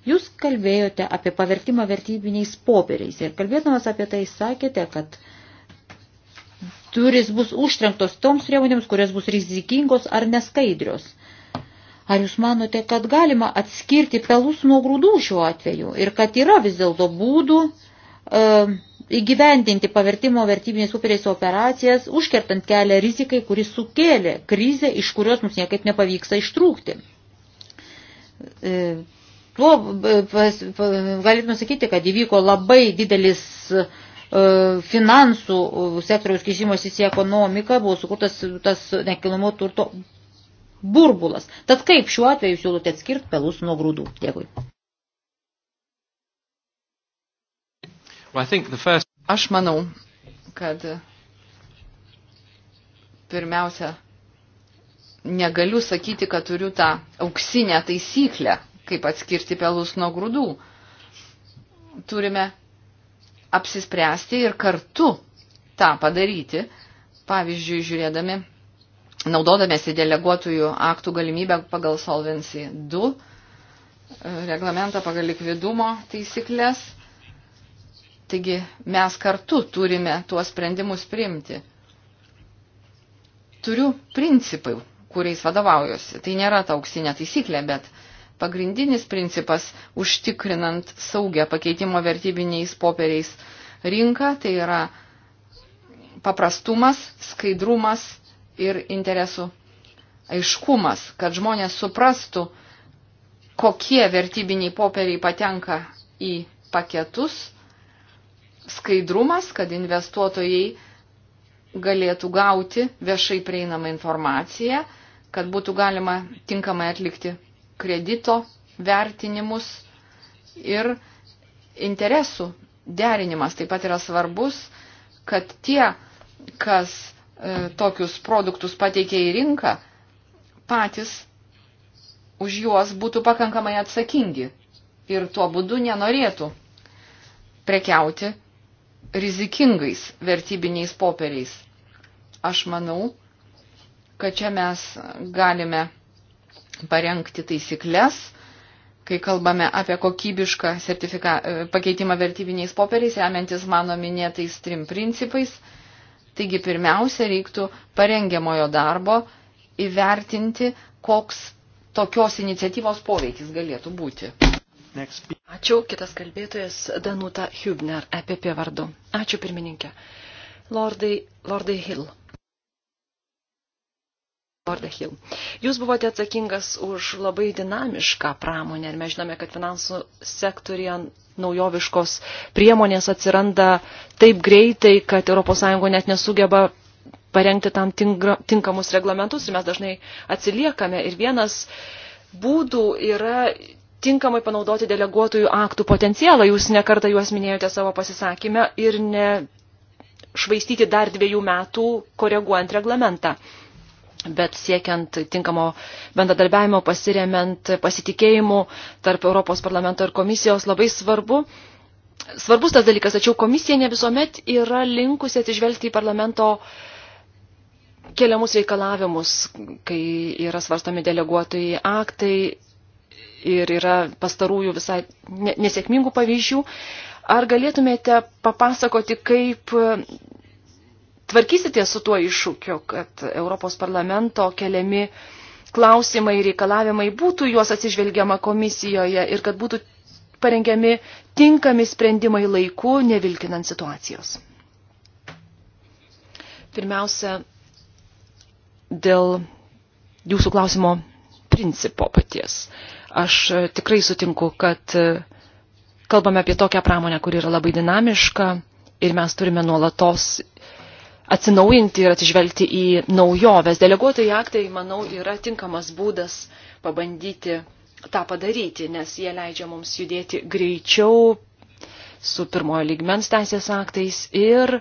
Jūs kalbėjote apie pavertimą vertybiniais popieriais ir kalbėdamas apie tai sakėte, kad durys bus užtrenktos toms priemonėms, kurios bus rizikingos ar neskaidrios. Ar jūs manote, kad galima atskirti pelus nuo grūdų šiuo atveju ir kad yra vis dėlto būdų, uh, įgyvendinti pavertimo vertybiniais popieriais operacijas, užkertant kelią rizikai, kuris sukėlė krizę, iš kurios mums niekaip nepavyksta ištrūkti. E, tuo e, galėtume sakyti, kad įvyko labai didelis e, finansų sektoriaus kišimosis į ekonomiką, buvo sukurtas tas nekilnojamo turto burbulas. Tad kaip šiuo atveju siūlote atskirti pelus nuo grūdų? Dėkui. Aš manau, kad pirmiausia, negaliu sakyti, kad turiu tą auksinę taisyklę, kaip atskirti pelus nuo grūdų. Turime apsispręsti ir kartu tą padaryti, pavyzdžiui, žiūrėdami, naudodamėsi deleguotųjų aktų galimybę pagal Solvency 2 reglamentą pagal likvidumo taisyklės Taigi mes kartu turime tuos sprendimus priimti. Turiu principai, kuriais vadovaujuosi. Tai nėra ta auksinė taisyklė, bet pagrindinis principas užtikrinant saugę pakeitimo vertybiniais popieriais rinką, tai yra paprastumas, skaidrumas ir interesų aiškumas, kad žmonės suprastų, kokie vertybiniai popieriai patenka į paketus skaidrumas, kad investuotojai galėtų gauti viešai prieinamą informaciją, kad būtų galima tinkamai atlikti kredito vertinimus ir interesų derinimas taip pat yra svarbus, kad tie, kas e, tokius produktus pateikia į rinką, patys už juos būtų pakankamai atsakingi ir tuo būdu nenorėtų prekiauti rizikingais vertybiniais popieriais. Aš manau, kad čia mes galime parengti taisyklės, kai kalbame apie kokybišką pakeitimą vertybiniais popieriais, remiantis mano minėtais trim principais. Taigi pirmiausia, reiktų parengiamojo darbo įvertinti, koks tokios iniciatyvos poveikis galėtų būti. Ačiū, kitas kalbėtojas Danuta Hübner, EPP vardu. Ačiū, pirmininkė. Lordai, Lordai Hill. Lorde Hill. Jūs buvote atsakingas už labai dinamišką pramonę ir mes žinome, kad finansų sektorija naujoviškos priemonės atsiranda taip greitai, kad ES net nesugeba parengti tam tinkamus reglamentus ir mes dažnai atsiliekame. Ir vienas būdų yra tinkamai panaudoti deleguotojų aktų potencialą. Jūs nekartą juos minėjote savo pasisakymę ir ne švaistyti dar dviejų metų koreguojant reglamentą. Bet siekiant tinkamo bendradarbiavimo pasiremiant pasitikėjimu tarp Europos parlamento ir komisijos labai svarbu. Svarbus tas dalykas, tačiau komisija ne visuomet yra linkusi atsižvelgti į parlamento keliamus reikalavimus, kai yra svarstomi deleguotojai aktai ir yra pastarųjų visai nesėkmingų pavyzdžių. Ar galėtumėte papasakoti, kaip e, tvarkysite su tuo iššūkiu, kad Europos parlamento keliami klausimai, reikalavimai būtų juos atsižvelgiama komisijoje ir kad būtų parengiami tinkami sprendimai laiku, nevilkinant situacijos? Pirmiausia, dėl jūsų klausimo principo paties. Uh, Aš e, tikrai sutinku, kad e, kalbame apie tokią pramonę, kuri yra labai dinamiška ir mes turime nuolatos atsinaujinti ir atsižvelgti į naujoves. Deleguotojai aktai, manau, yra tinkamas būdas pabandyti tą padaryti, nes jie leidžia mums judėti greičiau, su pirmojo lygmens teisės aktais ir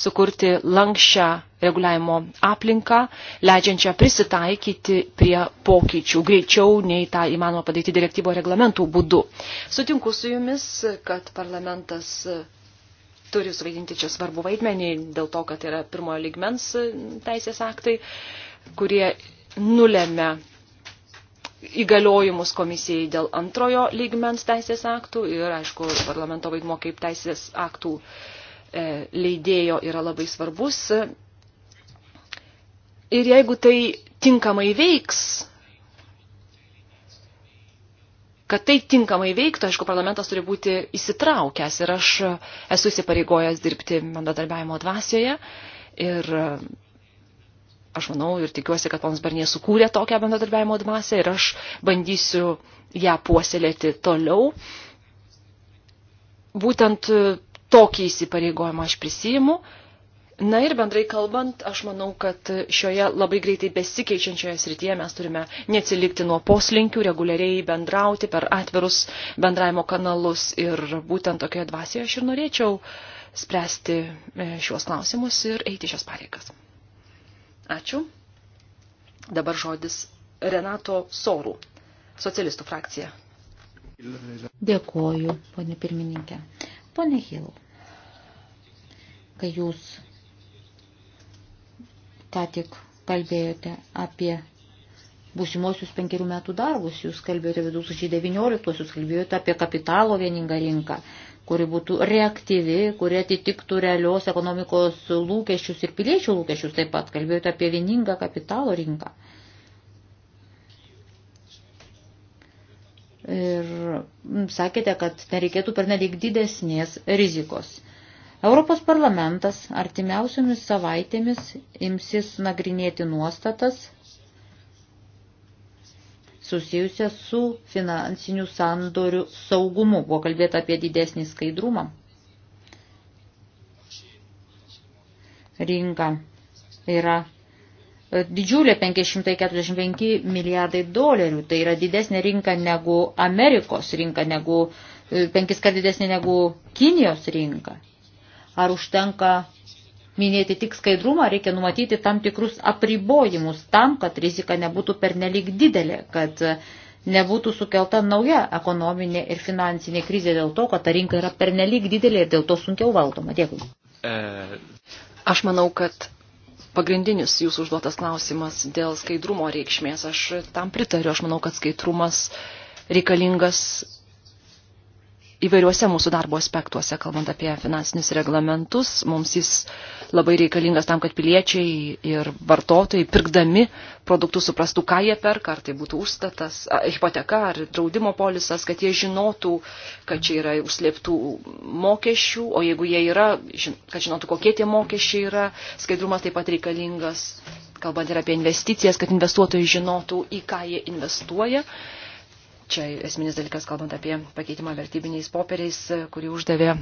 sukurti lankščią reguliavimo aplinką, leidžiančią prisitaikyti prie pokyčių greičiau nei tą įmanoma padaryti direktyvo reglamentų būdu. Sutinku su jumis, kad parlamentas turi suvaidinti čia svarbu vaidmenį dėl to, kad yra pirmojo lygmens teisės aktai, kurie nulėmė įgaliojimus komisijai dėl antrojo lygmens teisės aktų ir, aišku, parlamento vaidmo kaip teisės aktų e, leidėjo yra labai svarbus. Ir jeigu tai tinkamai veiks, kad tai tinkamai veiktų, aišku, parlamentas turi būti įsitraukęs ir aš esu įsipareigojęs dirbti bendradarbiavimo dvasioje ir aš manau ir tikiuosi, kad ponas Barnė sukūrė tokią bendradarbiavimo dvasę ir aš bandysiu ją puoselėti toliau. Būtent e, tokį įsipareigojimą aš prisijimu. Na ir bendrai kalbant, aš manau, kad šioje labai greitai besikeičiančioje srityje mes turime neatsilikti nuo poslinkių, reguliariai bendrauti per atvirus bendravimo kanalus ir būtent tokioje dvasioje aš ir norėčiau spręsti e, šiuos klausimus ir eiti šios pareigas. Ačiū. Dabar žodis Renato Sorų, socialistų frakcija. Dėkoju, ponė pirmininkė. Pone Hilau, kai jūs ką tik kalbėjote apie būsimosius penkerių metų darbus. Jūs kalbėjote 2019-osius, kalbėjote apie kapitalo vieningą rinką, kuri būtų reaktyvi, kuri atitiktų realios ekonomikos lūkesčius ir piliečių lūkesčius taip pat. Kalbėjote apie vieningą kapitalo rinką. Ir mm, sakėte, kad nereikėtų pernelyg didesnės rizikos. Europos parlamentas artimiausiomis savaitėmis imsis nagrinėti nuostatas susijusią su finansinių sandorių saugumu. Buvo kalbėta apie didesnį skaidrumą. Rinka yra e, didžiulė 545 milijardai dolerių. Tai yra didesnė rinka negu Amerikos rinka, negu, e, penkis kart didesnė negu Kinijos rinka. Ar užtenka minėti tik skaidrumą, reikia numatyti tam tikrus apribojimus tam, kad rizika nebūtų pernelik didelė, kad nebūtų sukelta nauja ekonominė ir finansinė krizė dėl to, kad ta rinka yra pernelik didelė ir dėl to sunkiau valdoma. Dėkui. E. Aš manau, kad pagrindinis jūsų užduotas klausimas dėl skaidrumo reikšmės. Aš tam pritariu. Aš manau, kad skaidrumas reikalingas įvairiuose mūsų darbo aspektuose, kalbant apie finansinius reglamentus. Mums jis labai reikalingas tam, kad piliečiai ir vartotojai, pirkdami produktus, suprastų, ką jie perka, ar tai būtų užstatas, hipoteka, ar draudimo polisas, kad jie žinotų, kad čia yra užslėptų mokesčių, o jeigu jie yra, kad žinotų, kokie tie mokesčiai yra. Skaidrumas taip pat reikalingas, kalbant ir apie investicijas, kad investuotojai žinotų, į ką jie investuoja čia esminis dalykas, kalbant apie pakeitimą vertybiniais popieriais, kurį uždavė,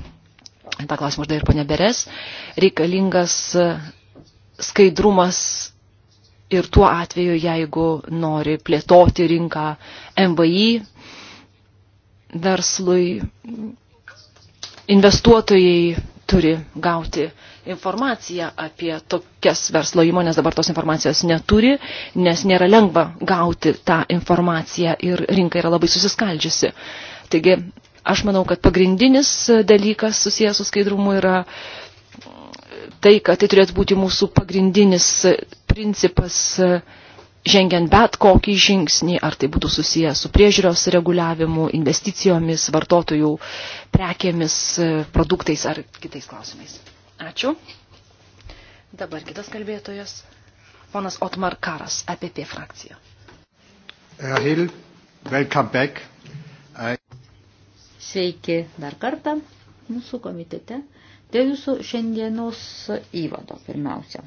tą klausimą uždavė ir ponė Beres, reikalingas skaidrumas ir tuo atveju, jeigu nori plėtoti rinką MVI verslui, investuotojai turi gauti uh, informaciją apie tokias verslo įmonės dabar tos informacijos neturi, nes nėra lengva gauti tą informaciją ir rinka yra labai susiskaldžiusi. Taigi, aš manau, kad pagrindinis dalykas susijęs su skaidrumu yra tai, kad tai turėtų būti mūsų pagrindinis principas žengiant bet kokį žingsnį, ar tai būtų susijęs su priežiūros reguliavimu, investicijomis, vartotojų prekėmis, produktais ar kitais klausimais. Ačiū. Dabar kitas kalbėtojas, ponas Otmar Karas, APP frakcija. Herr Hill, welcome back. I... Sveiki dar kartą mūsų komitete. Dėl jūsų šiandienos įvado pirmiausia.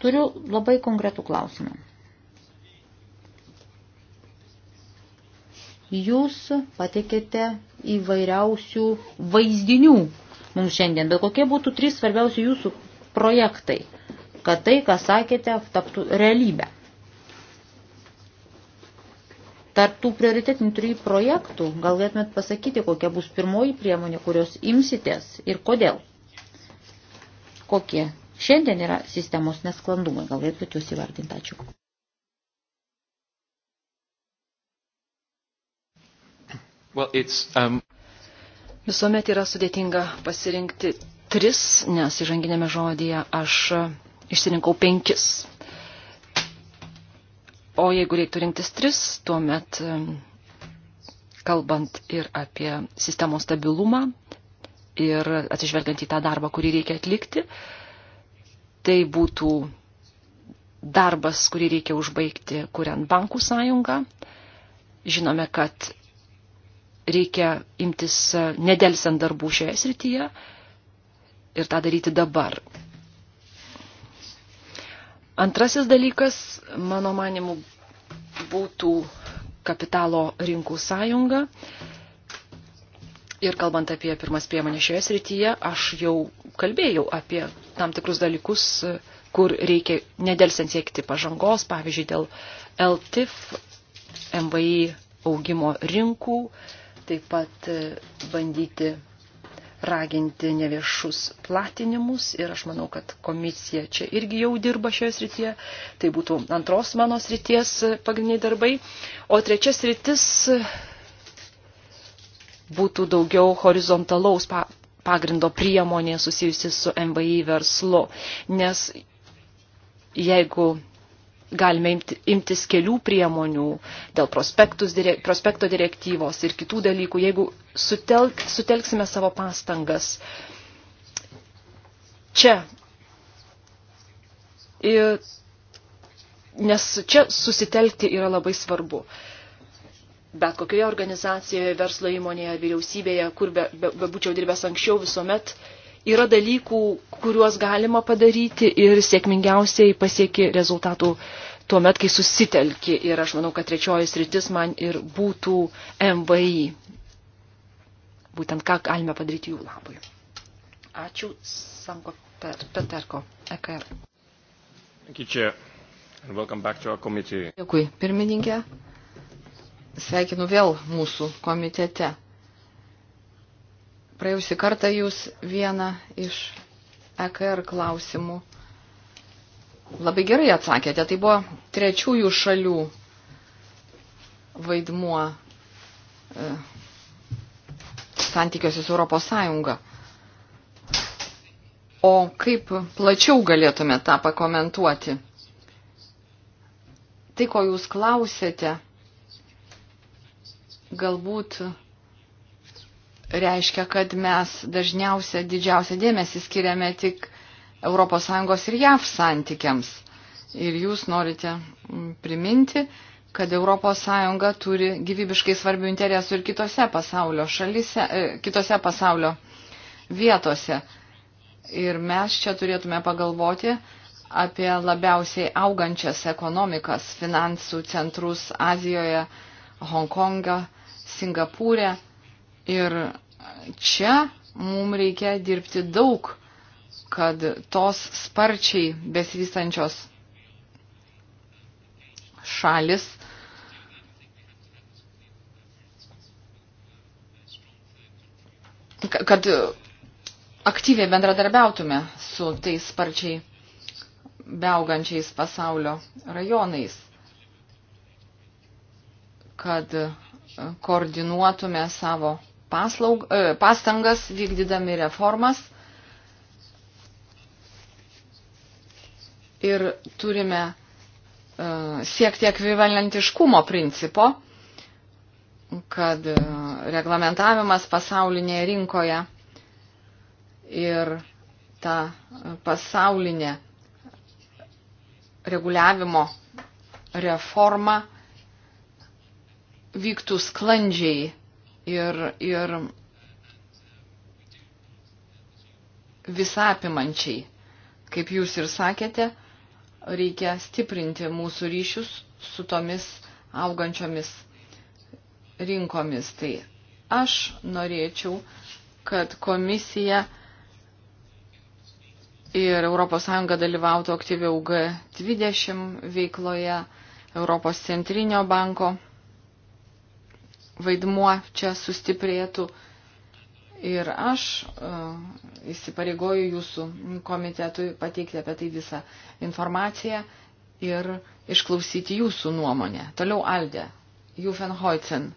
Turiu labai konkretų klausimą. Jūs patikėte įvairiausių vaizdinių mums šiandien, bet kokie būtų trys svarbiausi jūsų projektai, kad tai, ką sakėte, taptų realybę. Tarp tų prioritetinių trijų projektų galėtumėt pasakyti, kokia bus pirmoji priemonė, kurios imsitės ir kodėl. Kokie šiandien yra sistemos nesklandumai, galėtumėt juos įvardinti. Ačiū. Well, it's, um... Visuomet yra sudėtinga pasirinkti tris, nes įžanginėme žodėje aš išsirinkau penkis. O jeigu reiktų rinktis tris, tuomet kalbant ir apie sistemos stabilumą ir atsižvelgiant į tą darbą, kurį reikia atlikti, tai būtų darbas, kurį reikia užbaigti, kuriant bankų sąjungą. Žinome, kad reikia imtis e, nedelsiant darbų šioje srityje ir tą daryti dabar. Antrasis dalykas, mano manimu, būtų kapitalo rinkų sąjunga. Ir kalbant apie pirmas priemonės šioje srityje, aš jau kalbėjau apie tam tikrus dalykus, e, kur reikia nedelsiant siekti pažangos, pavyzdžiui, dėl LTIF, MVI augimo rinkų, uh, taip pat e, bandyti raginti neviešus platinimus ir aš manau, kad komisija čia irgi jau dirba šioje srityje. Tai būtų antros mano srities e, pagrindiniai darbai. O trečia sritis e, būtų daugiau horizontalaus pagrindo priemonė susijusi su MVI verslu. Nes jeigu galime imtis kelių priemonių dėl direk, prospekto direktyvos ir kitų dalykų, jeigu sutelk, sutelksime savo pastangas čia. Ir, nes čia susitelkti yra labai svarbu. Bet kokioje organizacijoje, verslo įmonėje, vyriausybėje, kur be, be, be būčiau dirbęs anksčiau, visuomet uh, yra dalykų, kuriuos galima padaryti ir sėkmingiausiai pasieki rezultatų tuo met, kai susitelki. Ir aš manau, kad trečioji sritis man ir būtų MVI. Būtent ką galime padaryti jų labui. Ačiū, Sanko Peterko, EKR. Dėkui, pirmininkė. Sveikinu vėl mūsų komitete. Praėjusį kartą jūs vieną iš EKR klausimų labai gerai atsakėte. Tai buvo trečiųjų šalių vaidmuo e, santykiuose su Europos Sąjunga. O kaip plačiau galėtume tą pakomentuoti? Tai, ko jūs klausėte, galbūt reiškia, kad mes dažniausia didžiausia dėmesį skiriame tik ES ir JAV santykiams. Ir jūs norite mm, priminti, kad ES turi gyvybiškai svarbių interesų ir kitose pasaulio šalise, e, kitose pasaulio vietose. Ir mes čia turėtume pagalvoti apie labiausiai augančias ekonomikas, finansų centrus Azijoje, Hongkongą, Singapūrę. Ir čia mums reikia dirbti daug, kad tos sparčiai besivystančios šalis kad aktyviai bendradarbiautume su tais sparčiai beaugančiais pasaulio rajonais, kad koordinuotume savo paslaug, e, pastangas vykdydami reformas. Ir turime e, siekti ekvivalentiškumo principo, kad e, reglamentavimas pasaulinėje rinkoje ir ta pasaulinė reguliavimo reforma vyktų sklandžiai ir, ir visapimančiai, kaip jūs ir sakėte, reikia stiprinti mūsų ryšius su tomis augančiomis rinkomis. Tai aš norėčiau, kad komisija ir ES dalyvautų aktyviau G20 veikloje, Europos centrinio banko vaidmuo čia sustiprėtų. Ir aš uh, įsipareigoju jūsų komitetui pateikti apie tai visą informaciją ir išklausyti jūsų nuomonę. Toliau Aldė, Jufenhoicen.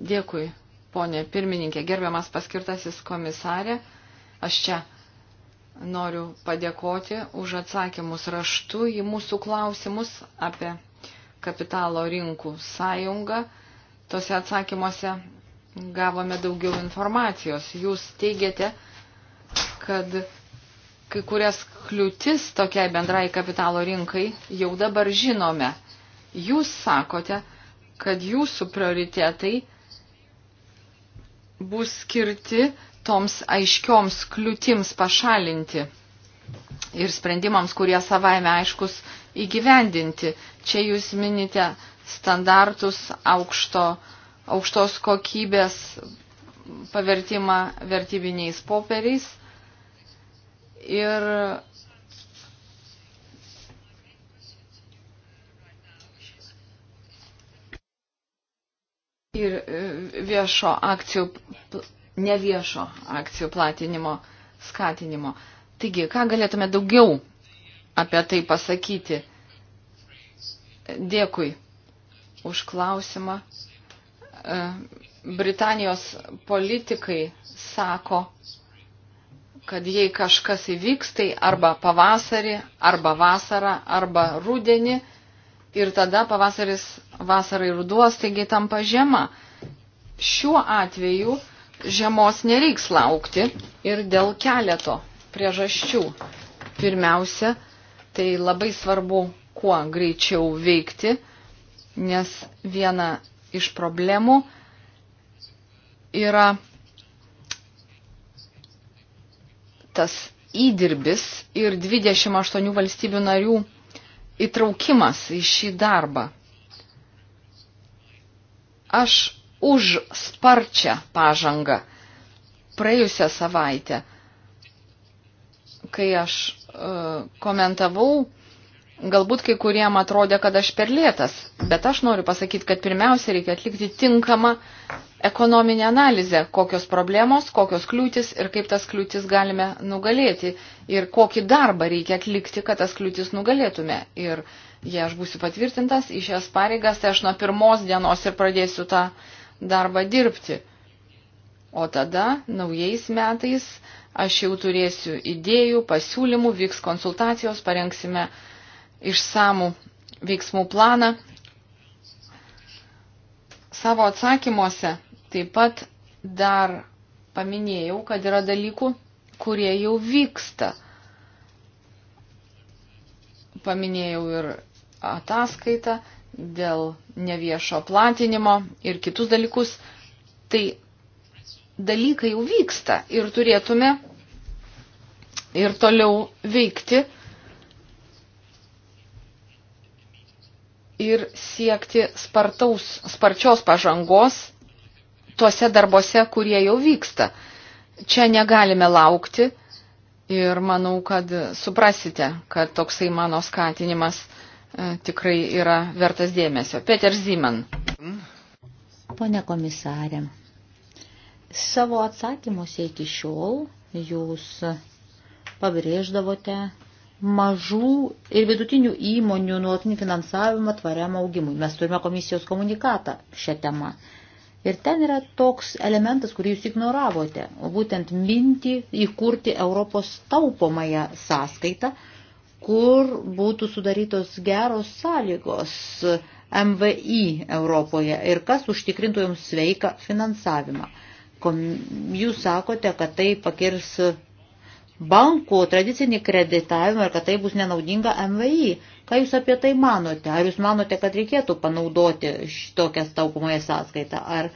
Dėkui, ponė pirmininkė, gerbiamas paskirtasis komisarė. Aš čia noriu padėkoti už atsakymus raštu į mūsų klausimus apie kapitalo rinkų sąjungą. Uh, tose atsakymuose gavome daugiau informacijos. Jūs teigiate, kad kai kurias kliūtis tokiai bendrai kapitalo rinkai jau dabar žinome. Jūs sakote, kad jūsų prioritetai bus skirti toms aiškioms kliūtims pašalinti ir sprendimams, kurie savaime aiškus įgyvendinti. Čia jūs minite standartus, aukšto, aukštos kokybės pavertimą vertybiniais popieriais. Ir Ir e, viešo akcijų, neviešo akcijų platinimo skatinimo. Taigi, ką galėtume daugiau apie tai pasakyti? Dėkui už klausimą. E, Britanijos politikai sako, kad jei kažkas įvyks, tai arba pavasarį, arba vasarą, arba rudenį ir tada pavasaris vasarai ruduos, taigi tampa žiema. Šiuo atveju žiemos nereiks laukti ir dėl keleto priežasčių. Pirmiausia, tai labai svarbu kuo greičiau veikti nes viena iš problemų yra tas įdirbis ir 28 valstybių narių įtraukimas į šį darbą. Aš už sparčią pažangą praėjusią savaitę, kai aš uh, komentavau Galbūt kai kuriem atrodė, kad aš per lėtas, bet aš noriu pasakyti, kad pirmiausia reikia atlikti tinkamą ekonominę analizę, kokios problemos, kokios kliūtis ir kaip tas kliūtis galime nugalėti ir kokį darbą reikia atlikti, kad tas kliūtis nugalėtume. Ir jei aš būsiu patvirtintas į šias pareigas, tai aš nuo pirmos dienos ir pradėsiu tą darbą dirbti. O tada, naujais metais, aš jau turėsiu idėjų, pasiūlymų, vyks konsultacijos, parengsime uh, išsamų veiksmų planą. Savo atsakymuose taip pat dar paminėjau, kad yra dalykų, kurie jau vyksta. Paminėjau ir ataskaitą dėl neviešo platinimo ir kitus dalykus. Tai dalykai jau vyksta ir turėtume ir toliau veikti ir siekti spartaus, sparčios pažangos tuose darbose, kurie jau vyksta. Čia negalime laukti ir manau, kad suprasite, kad toksai mano skatinimas e, tikrai yra vertas dėmesio. Peter Zimen. Pone komisarė, savo atsakymuose iki šiol jūs pabrėždavote mažų ir vidutinių įmonių nuolatinį finansavimą tvariam augimui. Mes turime komisijos komunikatą šią temą. Ir ten yra toks elementas, kurį jūs ignoravote, o būtent mintį įkurti Europos taupomąją sąskaitą, kur būtų sudarytos geros sąlygos MVI Europoje ir kas užtikrintų jums sveiką finansavimą. Jūs sakote, kad tai pakirs bankų tradicinį kreditavimą ir kad tai bus nenaudinga MVI. Ką Jūs apie tai manote? Ar Jūs manote, kad reikėtų panaudoti šitokias taupomąją sąskaitą? Ar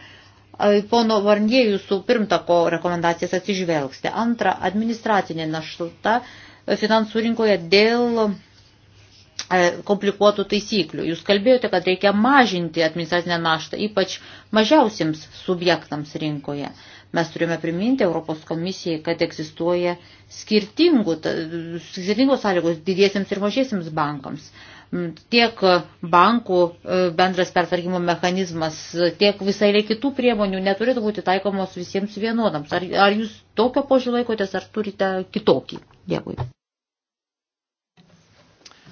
pono Varnie Jūsų pirmtako rekomendacijas atsižvelgsite? Antra, administracinė našta e, finansų rinkoje dėl e, komplikuotų taisyklių. Jūs kalbėjote, kad reikia mažinti administracinę naštą, ypač mažiausiams subjektams rinkoje. Mes turime priminti Europos komisijai, kad egzistuoja skirtingų, skirtingos sąlygos didiesiems ir mažiesiems bankams. Mm, tiek bankų e, bendras pertvarkymo mechanizmas, tiek visai kitų priemonių neturėtų būti taikomos visiems vienodams. Ar, ar jūs tokio požiūrį laikotės, ar turite kitokį? Dėkui.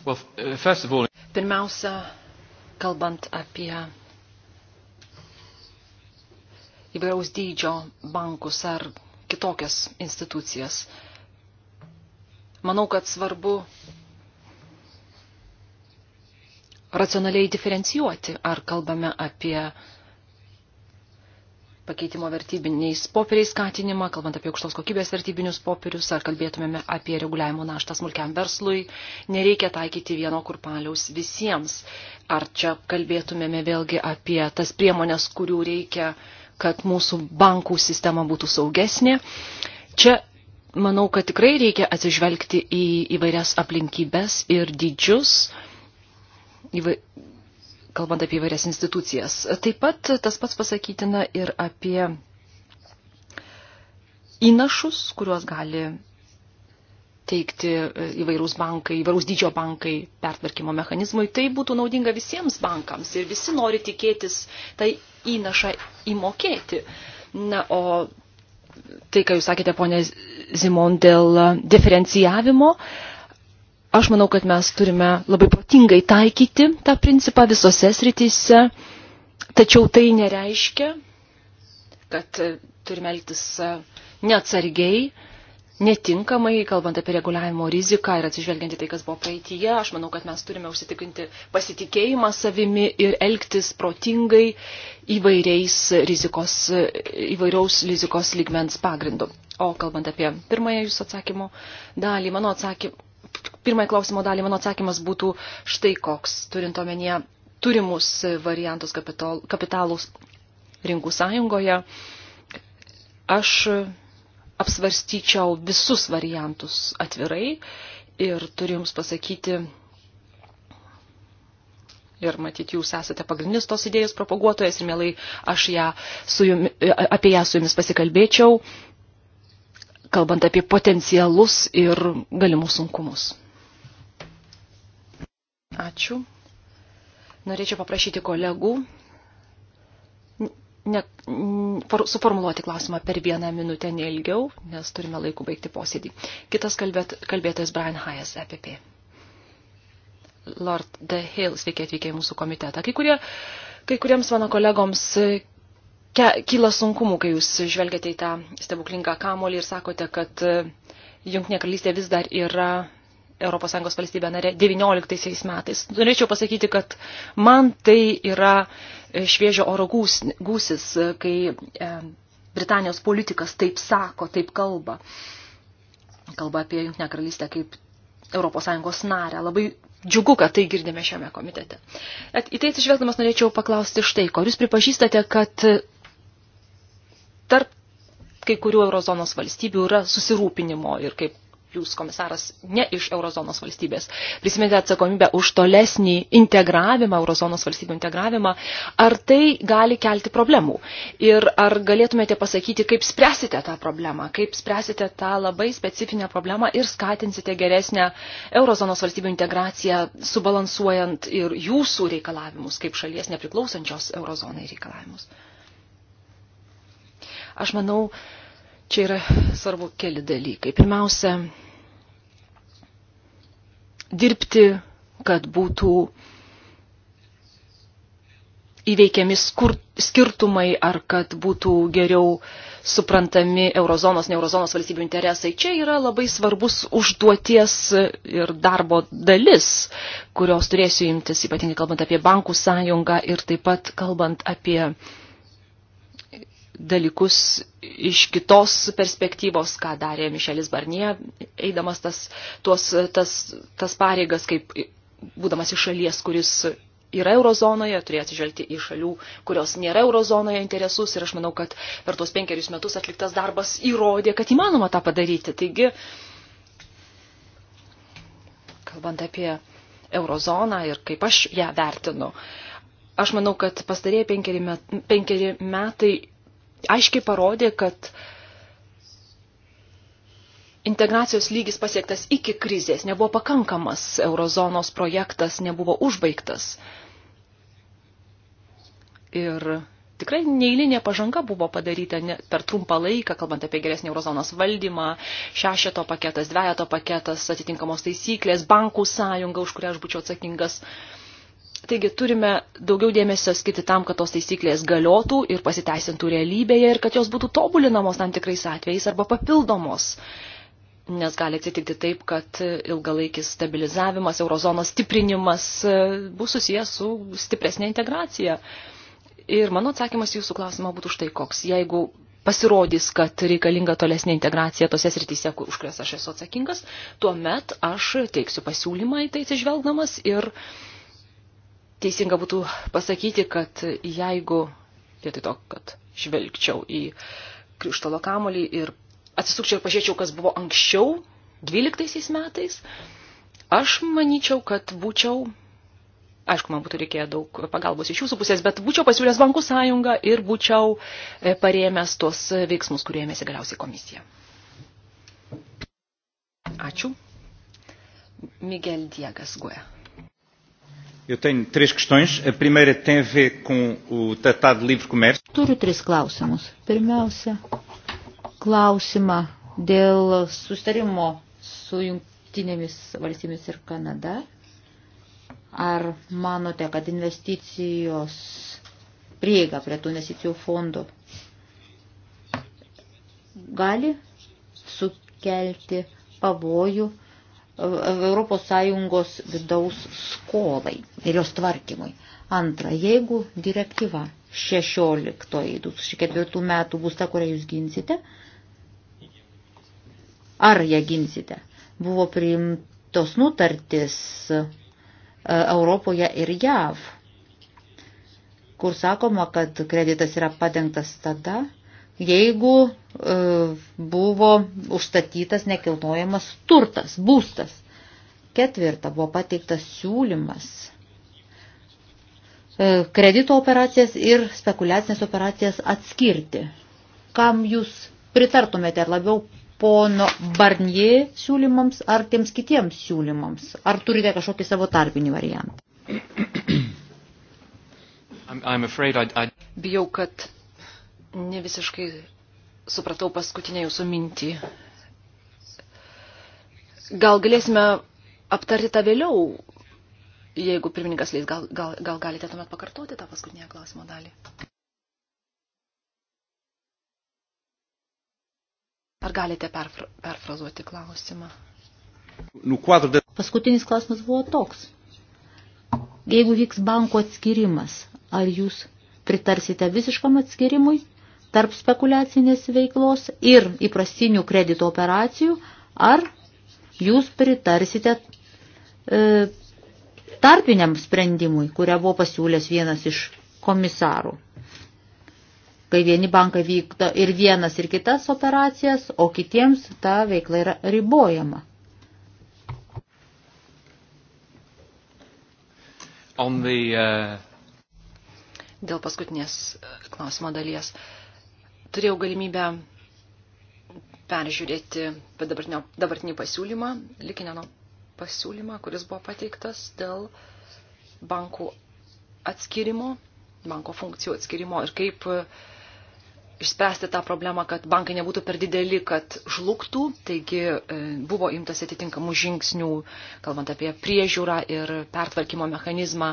Well, uh, all... Pirmiausia, kalbant apie įvairaus dydžio bankus ar kitokias institucijas. Manau, kad svarbu racionaliai diferencijuoti, ar kalbame apie pakeitimo vertybiniais popieriais skatinimą, kalbant apie aukštos kokybės vertybinius popierius, ar kalbėtumėme apie reguliavimo naštą smulkiam verslui, nereikia taikyti vieno kurpaliaus visiems. Ar čia kalbėtumėme vėlgi apie tas priemonės, kurių reikia uh, kad mūsų bankų sistema būtų saugesnė. Čia manau, kad tikrai reikia atsižvelgti į įvairias aplinkybės ir dydžius, įvai... kalbant apie įvairias institucijas. Taip pat tas pats pasakytina ir apie įnašus, kuriuos gali teikti e, įvairūs bankai, įvairūs dydžio bankai pertvarkymo mechanizmui, tai būtų naudinga visiems bankams ir visi nori tikėtis tai įnašą įmokėti. Na, o tai, ką jūs sakėte, ponė Zimon, dėl diferencijavimo, aš manau, kad mes turime labai protingai taikyti tą principą visose srityse, tačiau tai nereiškia, kad turime elgtis neatsargiai netinkamai, kalbant apie reguliavimo riziką ir atsižvelgiant į tai, kas buvo praeitie, aš manau, kad mes turime užsitikrinti pasitikėjimą savimi ir elgtis protingai įvairiais rizikos, įvairiaus rizikos lygmens pagrindu. O kalbant apie pirmąją jūsų atsakymo dalį, mano atsakymą. Pirmąjį klausimo dalį mano atsakymas būtų štai koks, turint omenyje turimus variantus kapital, kapitalus rinkų sąjungoje. Aš apsvarstyčiau visus variantus atvirai ir turiu Jums pasakyti, ir matyt, Jūs esate pagrindinis tos idėjos propaguotojas ir mielai aš ją su jumi, apie ją su Jumis pasikalbėčiau, kalbant apie potencialus ir galimus sunkumus. Ačiū. Norėčiau paprašyti kolegų ne, for, suformuluoti klausimą per vieną minutę neilgiau, nes turime laiku baigti posėdį. Kitas kalbėt, kalbėtojas Brian Hayes, EPP. Lord The Hill, sveiki atvykę į mūsų komitetą. Kai, kurie, kai kuriems mano kolegoms e, ke, kyla sunkumų, kai jūs žvelgiate į tą stebuklingą kamolį ir sakote, kad e, Junktinė karalystė vis dar yra ES valstybę narę 19 metais. Norėčiau pasakyti, kad man tai yra e, šviežio oro gūs, gūsis, e, kai e, Britanijos politikas taip sako, taip kalba. Kalba apie Junktinę karalystę kaip ES narę. Labai džiugu, kad tai girdime šiame komitete. At, į tai atsižvelgdamas norėčiau paklausti štai, ko jūs pripažįstate, kad tarp kai kurių eurozonos valstybių yra susirūpinimo ir kaip jūs komisaras ne iš eurozonos valstybės. Prisimėte atsakomybę už tolesnį integravimą, eurozonos valstybių integravimą. Ar tai gali kelti problemų? Ir ar galėtumėte pasakyti, kaip spręsite tą problemą, kaip spręsite tą labai specifinę problemą ir skatinsite geresnę eurozonos valstybių integraciją, subalansuojant ir jūsų reikalavimus, kaip šalies nepriklausančios eurozonai reikalavimus? Aš manau, Čia yra svarbu keli dalykai. Pirmiausia, dirbti, kad būtų įveikiami skur, skirtumai ar kad būtų geriau suprantami eurozonos, neurozonos valstybių interesai. Čia yra labai svarbus užduoties ir darbo dalis, kurios turėsiu imtis, ypatingai kalbant apie bankų sąjungą ir taip pat kalbant apie dalykus iš kitos perspektyvos, ką darė Mišelis Barnie, eidamas tas, tuos, tas, tas pareigas, kaip būdamas iš šalies, kuris yra eurozonoje, turėjo atsižvelgti į šalių, kurios nėra eurozonoje interesus ir aš manau, kad per tuos penkerius metus atliktas darbas įrodė, kad įmanoma tą padaryti. Taigi, kalbant apie eurozoną ir kaip aš ją vertinu, aš manau, kad pastarėjai penkeri, met, penkeri metai aiškiai parodė, kad integracijos lygis pasiektas iki krizės nebuvo pakankamas, eurozonos projektas nebuvo užbaigtas. Ir tikrai neįlinė pažanga buvo padaryta ne, per trumpą laiką, kalbant apie geresnį eurozonos valdymą, šešeto paketas, dvejato paketas, atitinkamos taisyklės, bankų sąjunga, už kurią aš būčiau atsakingas. Uh, Taigi turime daugiau dėmesio skirti tam, kad tos taisyklės galiotų ir pasiteisintų realybėje ir kad jos būtų tobulinamos tam tikrais atvejais arba papildomos. Nes gali atsitikti taip, kad ilgalaikis stabilizavimas, eurozonos stiprinimas e, bus susijęs su stipresnė integracija. Ir mano atsakymas jūsų klausimą būtų štai koks. Jeigu pasirodys, kad reikalinga tolesnė integracija tose srityse, už kurias aš esu atsakingas, tuomet aš teiksiu pasiūlymą į tai atsižvelgdamas ir uh, teisinga būtų pasakyti, kad jeigu vietoj to, kad žvelgčiau į krištolo kamolį ir atsisukčiau ir pažiūrėčiau, kas buvo anksčiau, 12 metais, aš manyčiau, kad būčiau, aišku, man būtų reikėję daug pagalbos iš jūsų pusės, bet būčiau pasiūlęs bankų sąjungą ir būčiau e, parėmęs tuos veiksmus, kurie ėmėsi galiausiai komisija. Ačiū. Miguel Diegas Guė. Eu tenho três questões. A primeira tem a ver com o Tratado de Livre Comércio. Turiu tris klausimus. Pirmiausia, klausimą dėl sustarimo su jungtinėmis valstybėmis ir er Kanada. Ar manote, kad investicijos prieiga prie tų investicijų fondų gali sukelti pavojų ES vidaus skolai ir jos tvarkymui. Antra, jeigu direktyva 16-2004 metų bus ta, kurią jūs ginsite, ar ją ginsite, buvo priimtos nutartis e, Europoje ir JAV, kur sakoma, kad kreditas yra padengtas tada, jeigu e, buvo užstatytas nekilnojamas turtas, būstas. Ketvirta buvo pateiktas siūlymas e, kredito operacijas ir spekuliacinės operacijas atskirti. Kam jūs pritartumėte, ar labiau pono Barnie siūlymams, ar tiems kitiems siūlymams? Ar turite kažkokį savo tarpinį variantą? I'm, I'm afraid I, I... Bijau, kad ne visiškai supratau paskutinę jūsų mintį. Gal galėsime aptarti tą vėliau, jeigu pirmininkas leis, gal, gal, gal galite tuomet pakartoti tą paskutinę klausimo dalį. Ar galite perfra perfrazuoti klausimą? Nu, Paskutinis klausimas buvo toks. Jeigu vyks banko atskirimas, ar jūs pritarsite visiškam atskirimui tarp spekulacinės veiklos ir įprastinių kredito operacijų, ar jūs pritarsite e, tarpiniam sprendimui, kurią buvo pasiūlęs vienas iš komisarų. Kai vieni bankai vykdo ir vienas ir kitas operacijas, o kitiems ta veikla yra ribojama. On the, uh... Dėl paskutinės uh, klausimo dalies. Uh, turėjau galimybę peržiūrėti dabartinį pasiūlymą, likinio nu, pasiūlymą, kuris buvo pateiktas dėl bankų atskirimo, banko funkcijų atskirimo ir kaip išspręsti tą problemą, kad bankai nebūtų per dideli, kad žlugtų. Taigi e, buvo imtas atitinkamų žingsnių, kalbant apie priežiūrą ir pertvarkymo mechanizmą.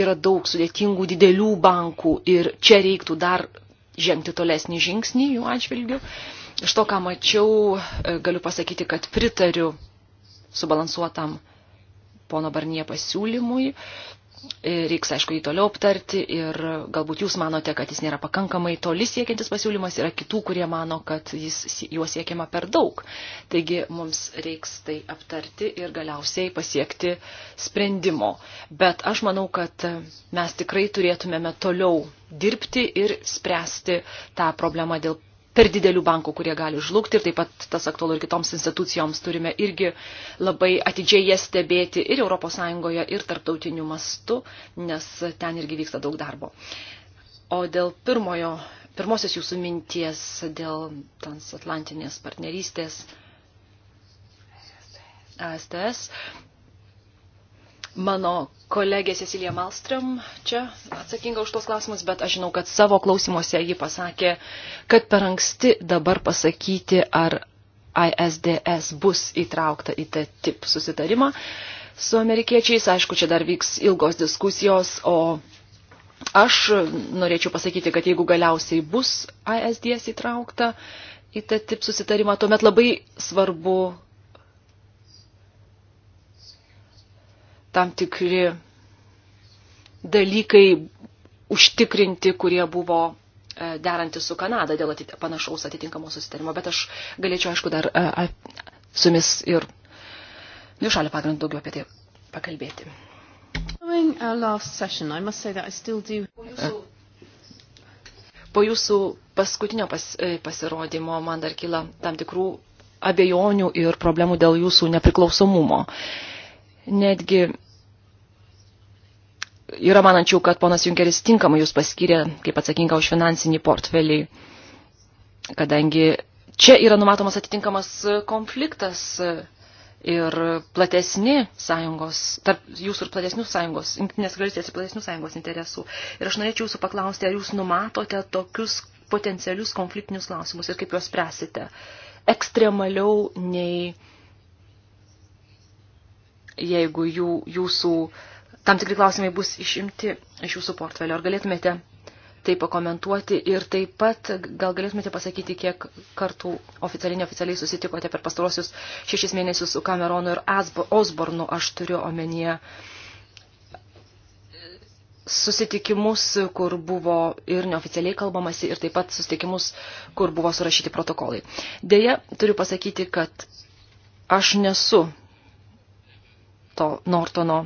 Yra daug sudėtingų didelių bankų ir čia reiktų dar žengti tolesnį žingsnį jų atžvilgių. Iš to, ką mačiau, e, galiu pasakyti, kad pritariu subalansuotam pono Barnie pasiūlymui, E, reiks, aišku, jį toliau aptarti ir galbūt jūs manote, kad jis nėra pakankamai toli siekiantis pasiūlymas, yra kitų, kurie mano, kad jis, juo siekiama per daug. Taigi mums reiks tai aptarti ir galiausiai pasiekti sprendimo. Bet aš manau, kad mes tikrai turėtumėme toliau dirbti ir spręsti tą problemą dėl per didelių bankų, kurie gali žlugti ir taip pat tas aktualu ir kitoms institucijoms turime irgi labai atidžiai jas stebėti ir ES, ir tarptautiniu mastu, nes ten irgi vyksta daug darbo. O dėl pirmojo, pirmosios jūsų minties, dėl transatlantinės partnerystės, ASTS, mano kolegė Cecilija Malstrom čia atsakinga už tos klausimus, bet aš žinau, kad savo klausimuose ji pasakė, kad per anksti dabar pasakyti, ar ISDS bus įtraukta į TTIP susitarimą su amerikiečiais. Aišku, čia dar vyks ilgos diskusijos, o aš norėčiau pasakyti, kad jeigu galiausiai bus ISDS įtraukta į TTIP susitarimą, tuomet labai svarbu tam tikri dalykai užtikrinti, kurie buvo e, deranti su Kanada dėl atit panašaus atitinkamo susitarimo. Bet aš galėčiau, aišku, dar a, e, a, su jumis ir dvišalio pagrindu daugiau apie tai pakalbėti. Po jūsų paskutinio pas, e, pasirodymo man dar kyla tam tikrų abejonių ir problemų dėl jūsų nepriklausomumo. Netgi yra manančių, kad ponas Junkeris tinkamai jūs paskyrė kaip atsakinga už finansinį portfelį, kadangi čia yra numatomas atitinkamas konfliktas ir platesni sąjungos, tarp jūsų ir platesnių sąjungos, nes karalystės ir platesnių sąjungos interesų. Ir aš norėčiau jūsų paklausti, ar jūs numatote tokius potencialius konfliktinius klausimus ir kaip juos spręsite ekstremaliau nei jeigu jų, jūsų uh, tam tikri klausimai bus išimti iš jūsų portfelio. Ar galėtumėte tai pakomentuoti ir taip pat gal galėtumėte pasakyti, kiek kartų oficialiai neoficialiai susitikote per pastarosius šešis mėnesius su Cameronu ir Osbornu, aš turiu omenyje susitikimus, kur buvo ir neoficialiai kalbamasi, ir taip pat susitikimus, kur buvo surašyti protokolai. Deja, turiu pasakyti, kad aš nesu to Nortono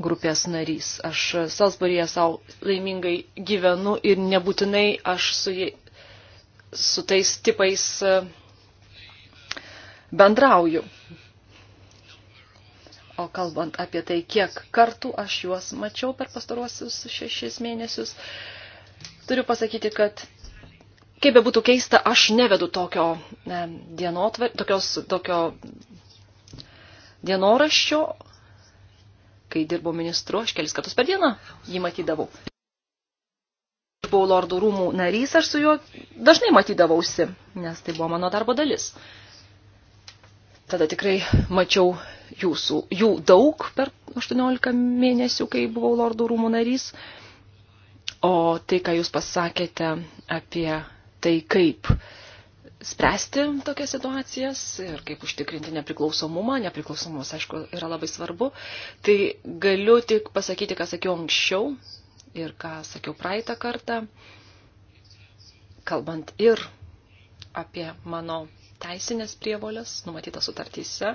grupės narys. Aš Salzburgėje savo laimingai gyvenu ir nebūtinai aš su, jie, su tais tipais e, bendrauju. O kalbant apie tai, kiek kartų aš juos mačiau per pastaruosius šešis mėnesius, turiu pasakyti, kad kaip be būtų keista, aš nevedu tokio, ne, dienotvar, tokios, tokio dienoraščio, kai dirbau ministru, aš kelis kartus per dieną jį matydavau. Buvau lordų rūmų narys, aš su juo dažnai matydavausi, nes tai buvo mano darbo dalis. Tada tikrai mačiau jūsų, jų daug per 18 mėnesių, kai buvau lordų rūmų narys. O tai, ką jūs pasakėte apie tai, kaip uh, spręsti tokias situacijas ir kaip užtikrinti nepriklausomumą. Nepriklausomumas, aišku, yra labai svarbu. Tai galiu tik pasakyti, ką sakiau anksčiau ir ką sakiau praeitą kartą, kalbant ir apie mano teisinės prievolės numatytas sutartyse,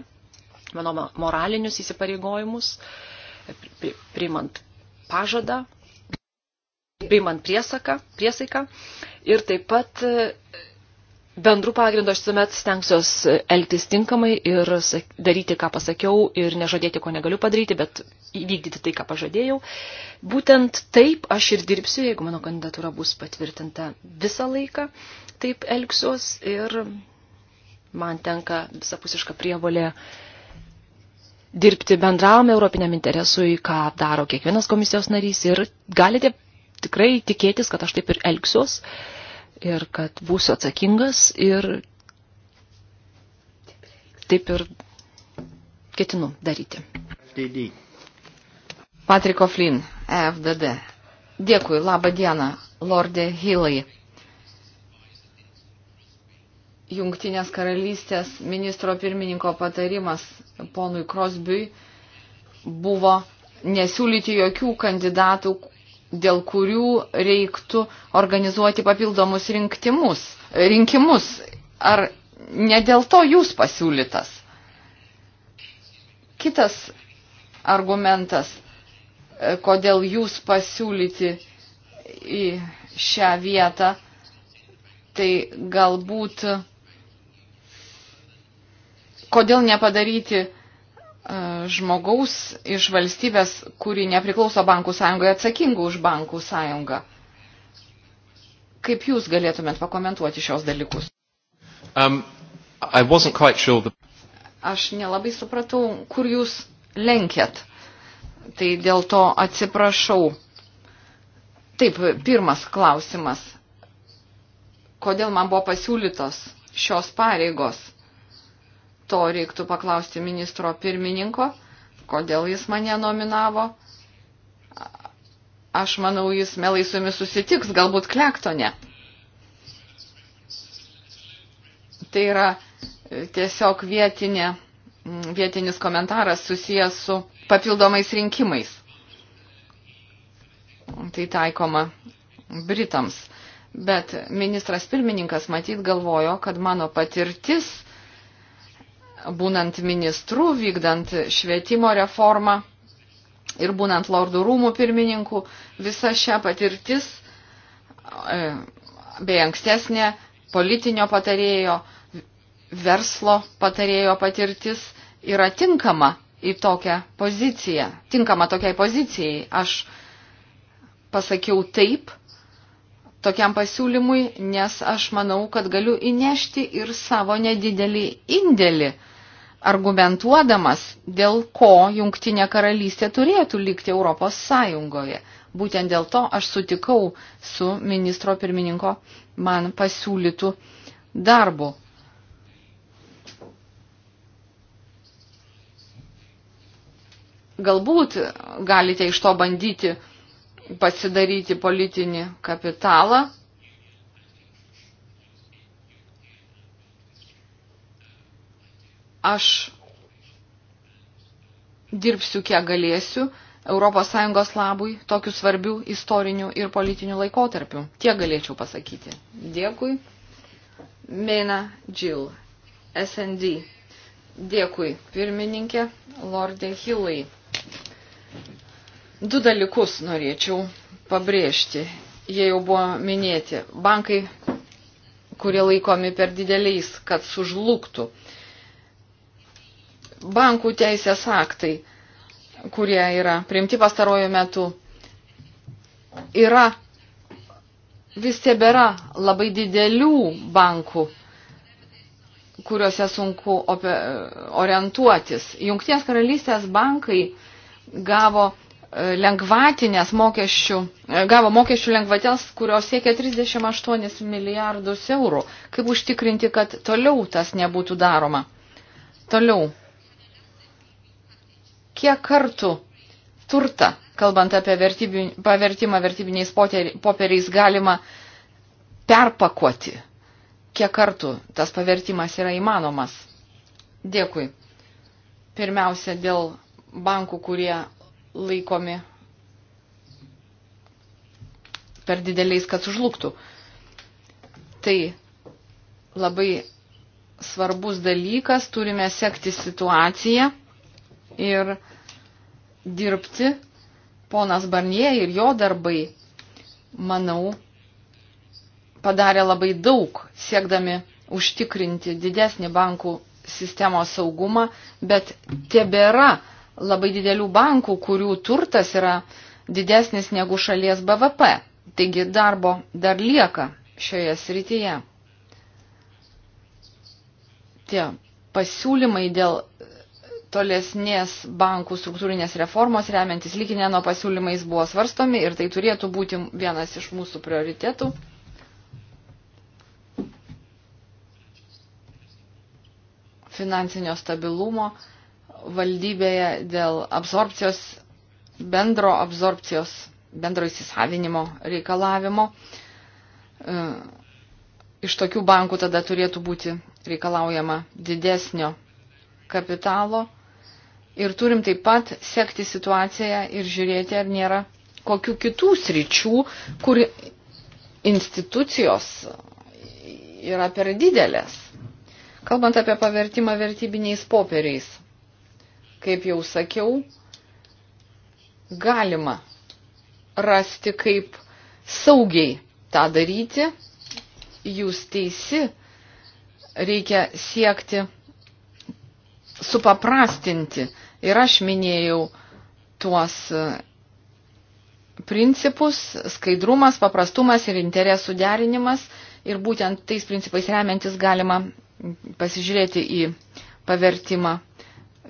mano moralinius įsipareigojimus, priimant pažadą, priimant priesaką, priesaiką ir taip pat bendrų pagrindų aš visuomet stengsiuos e, elgtis tinkamai ir daryti, ką pasakiau ir nežadėti, ko negaliu padaryti, bet įvykdyti tai, ką pažadėjau. Būtent taip aš ir dirbsiu, jeigu mano kandidatūra bus patvirtinta visą laiką, taip elgsiuos ir man tenka visapusiška prievolė dirbti bendram europiniam interesui, ką daro kiekvienas komisijos narys ir galite tikrai tikėtis, kad aš taip ir elgsiuos. Uh, ir kad būsiu atsakingas ir taip ir ketinu daryti. FDD. Patriko Flynn, e FDD. Dėkui, laba diena, Lorde Hilai. Jungtinės karalystės ministro pirmininko patarimas ponui Krosbiui buvo nesiūlyti jokių kandidatų, dėl kurių reiktų organizuoti papildomus rinktimus, rinkimus. Ar ne dėl to jūs pasiūlytas? Kitas argumentas, e, kodėl jūs pasiūlyti į šią vietą, tai galbūt kodėl nepadaryti žmogaus iš valstybės, kuri nepriklauso bankų sąjungai, atsakingų už bankų sąjungą. Kaip jūs galėtumėt pakomentuoti šios dalykus? Um, sure the... Aš nelabai supratau, kur jūs lenkėt. Tai dėl to atsiprašau. Taip, pirmas klausimas. Kodėl man buvo pasiūlytos šios pareigos? To reiktų paklausti ministro pirmininko, kodėl jis mane nominavo. Aš manau, jis melai su jumis susitiks, galbūt klektone. Tai yra e, tiesiog vietinė, vietinis komentaras susijęs su papildomais rinkimais. Tai taikoma Britams. Bet ministras pirmininkas matyt galvojo, kad mano patirtis būnant ministrų, vykdant švietimo reformą ir būnant lordų rūmų pirmininku, visa šią patirtis e, bei ankstesnė politinio patarėjo, verslo patarėjo patirtis yra tinkama į tokią poziciją, tinkama tokiai pozicijai. Aš pasakiau taip tokiam pasiūlymui, nes aš manau, kad galiu įnešti ir savo nedidelį indėlį, argumentuodamas, dėl ko Jungtinė karalystė turėtų likti Europos Sąjungoje. Būtent dėl to aš sutikau su ministro pirmininko man pasiūlytų darbų. Galbūt galite iš to bandyti pasidaryti politinį kapitalą. Aš dirbsiu kiek galėsiu ES labui tokių svarbių istorinių ir politinių laikotarpių. Tiek galėčiau pasakyti. Dėkui. Mena Jill, SND. Dėkui, pirmininkė, Lorde Hillai. Du dalykus norėčiau pabrėžti. Jie jau buvo minėti. Bankai, kurie laikomi per dideliais, kad sužlugtų. Bankų teisės aktai, kurie yra priimti pastarojo metu, yra vis tebėra labai didelių bankų kuriuose sunku orientuotis. Junktinės karalystės bankai gavo lengvatinės mokesčių, e, gavo mokesčių lengvatės, kurios siekia 38 milijardus eurų. Kaip užtikrinti, kad toliau tas nebūtų daroma? Toliau. Kiek kartų turtą, kalbant apie vertybių, pavertimą vertybiniais popieriais, galima perpakuoti? Kiek kartų tas pavertimas yra įmanomas? Dėkui. Pirmiausia, dėl bankų, kurie laikomi per dideliais, kad sužlugtų. Tai labai svarbus dalykas, turime sekti situaciją ir dirbti. Ponas Barnie ir jo darbai, manau, padarė labai daug, siekdami užtikrinti didesnį bankų sistemos saugumą, bet tebėra labai didelių bankų, kurių turtas yra didesnis negu šalies BVP. Taigi darbo dar lieka šioje srityje. Tie pasiūlymai dėl tolesnės bankų struktūrinės reformos remiantis Likinėno pasiūlymais buvo svarstomi ir tai turėtų būti vienas iš mūsų prioritetų. Finansinio stabilumo valdybėje dėl absorpcijos, bendro absorpcijos, bendro įsisavinimo reikalavimo. E, iš tokių bankų tada turėtų būti reikalaujama didesnio kapitalo. Ir turim taip pat sekti situaciją ir žiūrėti, ar nėra kokių kitų sričių, kur institucijos yra per didelės. Kalbant apie pavertimą vertybiniais popieriais kaip jau sakiau, galima rasti, kaip saugiai tą daryti. Jūs teisi, reikia siekti supaprastinti. Ir aš minėjau tuos principus - skaidrumas, paprastumas ir interesų derinimas. Ir būtent tais principais remiantis galima pasižiūrėti į pavertimą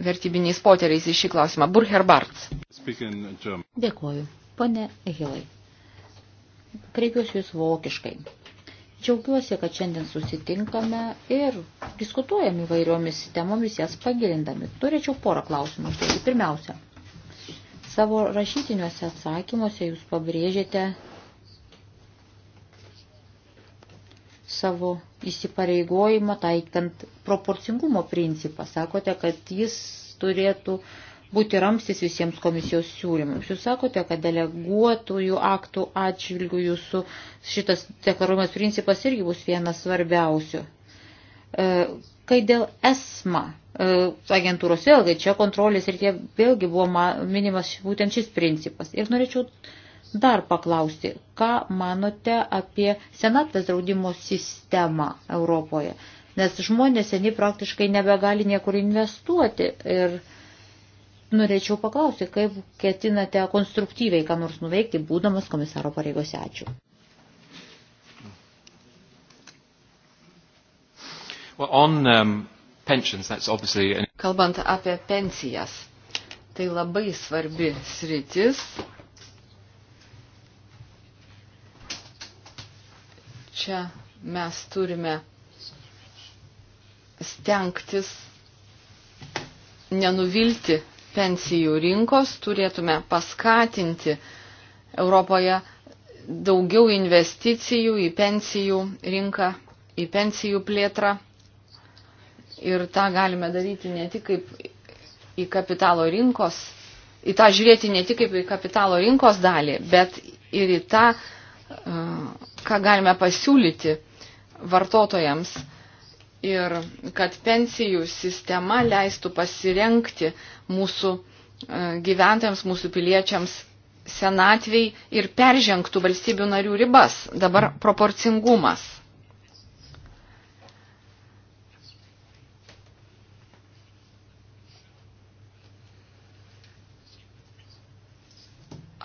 vertybiniais poteriais į šį klausimą. Burher Barts. Dėkuoju. Pane Hilai, kreipiuosi Jūs vokiškai. Džiaugiuosi, kad šiandien susitinkame ir diskutuojam įvairiomis temomis, jas pagilindami. Turėčiau porą klausimų. Pirmiausia, savo rašytiniuose atsakymuose Jūs pabrėžėte savo įsipareigojimą taikant proporcingumo principą. Sakote, kad jis turėtų būti ramstis visiems komisijos siūlymams. Jūs sakote, kad deleguotųjų aktų atžvilgių jūsų šitas deklaruojamas principas irgi bus vienas svarbiausių. E, kai dėl ESMA e, agentūros vėlgi, čia kontrolės ir tie vėlgi buvo minimas būtent šis principas. Ir norėčiau dar paklausti, ką manote apie senatvės draudimo sistemą Europoje, nes žmonės seniai praktiškai nebegali niekur investuoti ir norėčiau paklausti, kaip ketinate konstruktyviai ką nors nuveikti, būdamas komisaro pareigose. Ačiū. Well, on, um, pensions, that's obviously an... Kalbant apie pensijas, tai labai svarbi sritis čia mes turime stengtis nenuvilti pensijų rinkos, turėtume paskatinti Europoje daugiau investicijų į pensijų rinką, į pensijų plėtrą. Ir tą galime daryti ne tik kaip į kapitalo rinkos, į tą žiūrėti ne tik kaip į kapitalo rinkos dalį, bet ir į tą ką galime pasiūlyti vartotojams ir kad pensijų sistema leistų pasirenkti mūsų e, gyventojams, mūsų piliečiams senatviai ir peržengtų valstybių narių ribas. Dabar proporcingumas.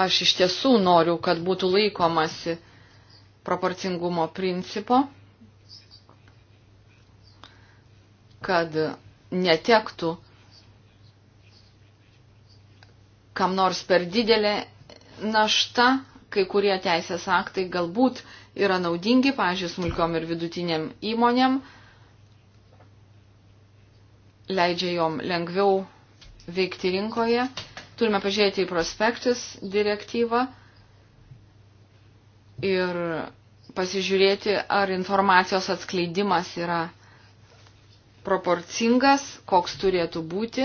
Aš iš tiesų noriu, kad būtų laikomasi proporcingumo principo, kad netektų kam nors per didelė našta, kai kurie teisės aktai galbūt yra naudingi, pažiūrėjau, smulkiom ir vidutiniam įmonėm, leidžia jom lengviau veikti rinkoje, Turime pažiūrėti į prospektus direktyvą ir pasižiūrėti, ar informacijos atskleidimas yra proporcingas, koks turėtų būti.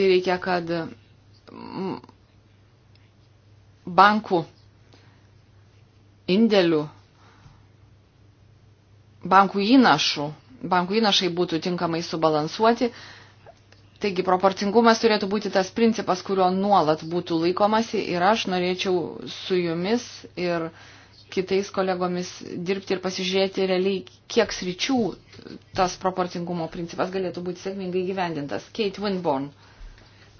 Ir reikia, kad bankų indėlių, bankų įnašų, bankų įnašai būtų tinkamai subalansuoti, Taigi proporcingumas turėtų būti tas principas, kurio nuolat būtų laikomasi ir aš norėčiau su jumis ir kitais kolegomis dirbti ir pasižiūrėti realiai, kiek sričių tas proporcingumo principas galėtų būti sėkmingai gyvendintas. Kate Winborn.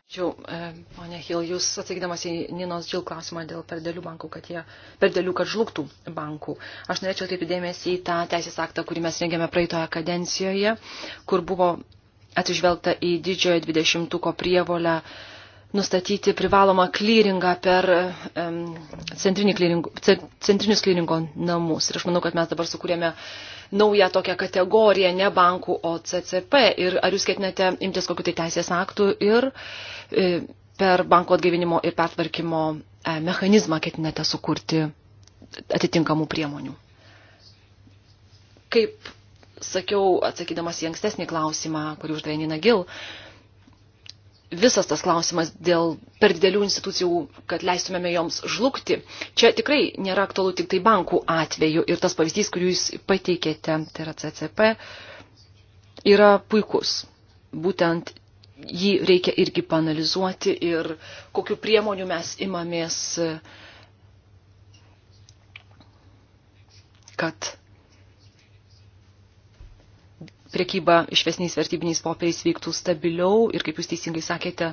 Ačiū, e, ponė Hill, jūs atsakydamas į Ninos Džil klausimą dėl perdėlių bankų, kad jie perdėlių, kad žlugtų bankų. Aš norėčiau taip įdėmėsi į tą teisės aktą, kurį mes rengėme praeitoje kadencijoje, kur buvo atsižvelgta į didžiojo dvidešimtuko prievolę nustatyti privalomą klyringą per um, centrinį klyringo, centrinius klyringo namus. Ir aš manau, kad mes dabar sukūrėme naują tokią kategoriją, ne bankų, o CCP. Ir ar jūs ketinate imtis kokiu tai teisės aktų ir e, per banko atgaivinimo ir pertvarkymo e, mechanizmą ketinate sukurti atitinkamų priemonių? Kaip sakiau, atsakydamas į ankstesnį klausimą, kurį uždavė Nina Gil, visas tas klausimas dėl per didelių institucijų, kad leistumėme joms žlugti, čia tikrai nėra aktualu tik tai bankų atveju. Ir tas pavyzdys, kurį jūs pateikėte, tai yra CCP, yra puikus. Būtent jį reikia irgi panalizuoti ir kokiu priemonių mes imamės, kad priekyba išvesniais vertybiniais popieriais vyktų stabiliau ir, kaip jūs teisingai sakėte,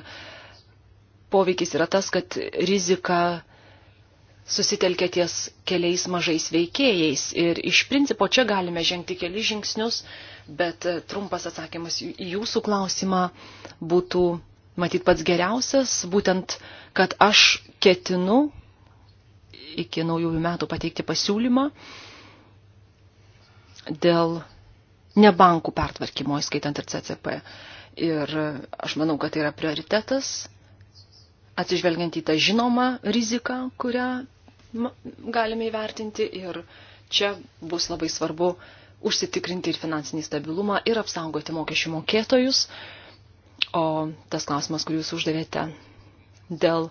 poveikis yra tas, kad rizika susitelkia ties keliais mažais veikėjais. Ir iš principo čia galime žengti keli žingsnius, bet e, trumpas atsakymas į jūsų klausimą būtų matyt pats geriausias, būtent, kad aš ketinu iki naujųjų metų pateikti pasiūlymą dėl ne bankų pertvarkymo, įskaitant ir CCP. Ir aš manau, kad tai yra prioritetas, atsižvelgiant į tą žinomą riziką, kurią galime įvertinti. Ir čia bus labai svarbu užsitikrinti ir finansinį stabilumą ir apsaugoti mokesčių mokėtojus. O tas klausimas, kurį jūs uždavėte dėl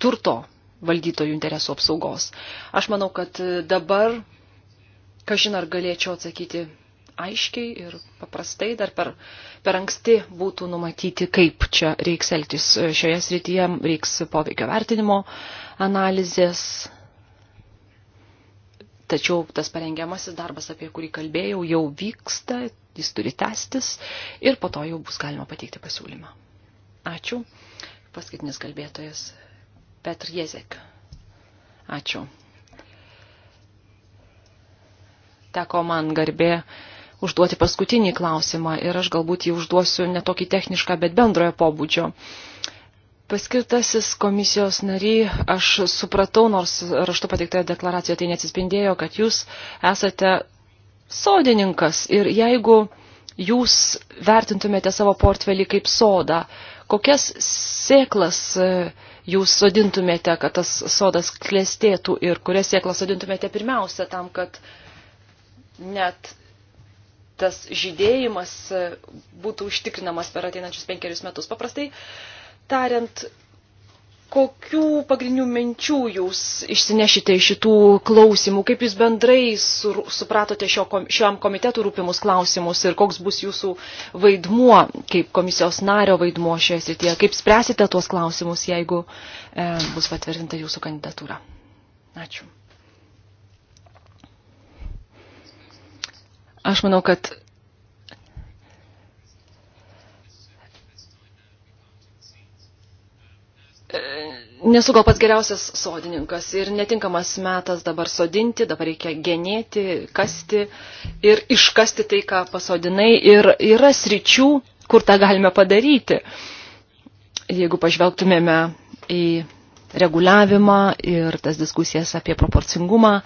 turto valdytojų interesų apsaugos. Aš manau, kad dabar Kažin ar galėčiau atsakyti aiškiai ir paprastai dar per, per anksti būtų numatyti, kaip čia reiks elgtis šioje srityje, reiks poveikio vertinimo analizės. Tačiau tas parengiamasis darbas, apie kurį kalbėjau, jau vyksta, jis turi tęstis ir po to jau bus galima pateikti pasiūlymą. Ačiū. Paskutinis kalbėtojas Petr Jezek. Ačiū teko man garbė užduoti paskutinį klausimą ir aš galbūt jį užduosiu ne tokį technišką, bet bendrojo pobūdžio. Paskirtasis komisijos nary, aš supratau, nors raštu pateiktoje deklaracijoje tai neatsispindėjo, kad jūs esate sodininkas ir jeigu jūs vertintumėte savo portfelį kaip sodą, kokias sėklas e, jūs sodintumėte, kad tas sodas klėstėtų ir kurias sėklas sodintumėte pirmiausia tam, kad net tas žydėjimas būtų užtikrinamas per ateinančius penkerius metus. Paprastai tariant, kokių pagrindinių minčių jūs išsinešite iš šitų klausimų, kaip jūs bendrai sur, supratote šio, šiam komitetų rūpimus klausimus ir koks bus jūsų vaidmuo, kaip komisijos nario vaidmuo šioje srityje, kaip spręsite tuos klausimus, jeigu e, bus patvirtinta jūsų kandidatūra. Ačiū. Aš manau, kad nesu gal pats geriausias sodininkas ir netinkamas metas dabar sodinti, dabar reikia genėti, kasti ir iškasti tai, ką pasodinai. Ir yra sričių, kur tą galime padaryti. Jeigu pažvelgtumėme į reguliavimą ir tas diskusijas apie proporcingumą,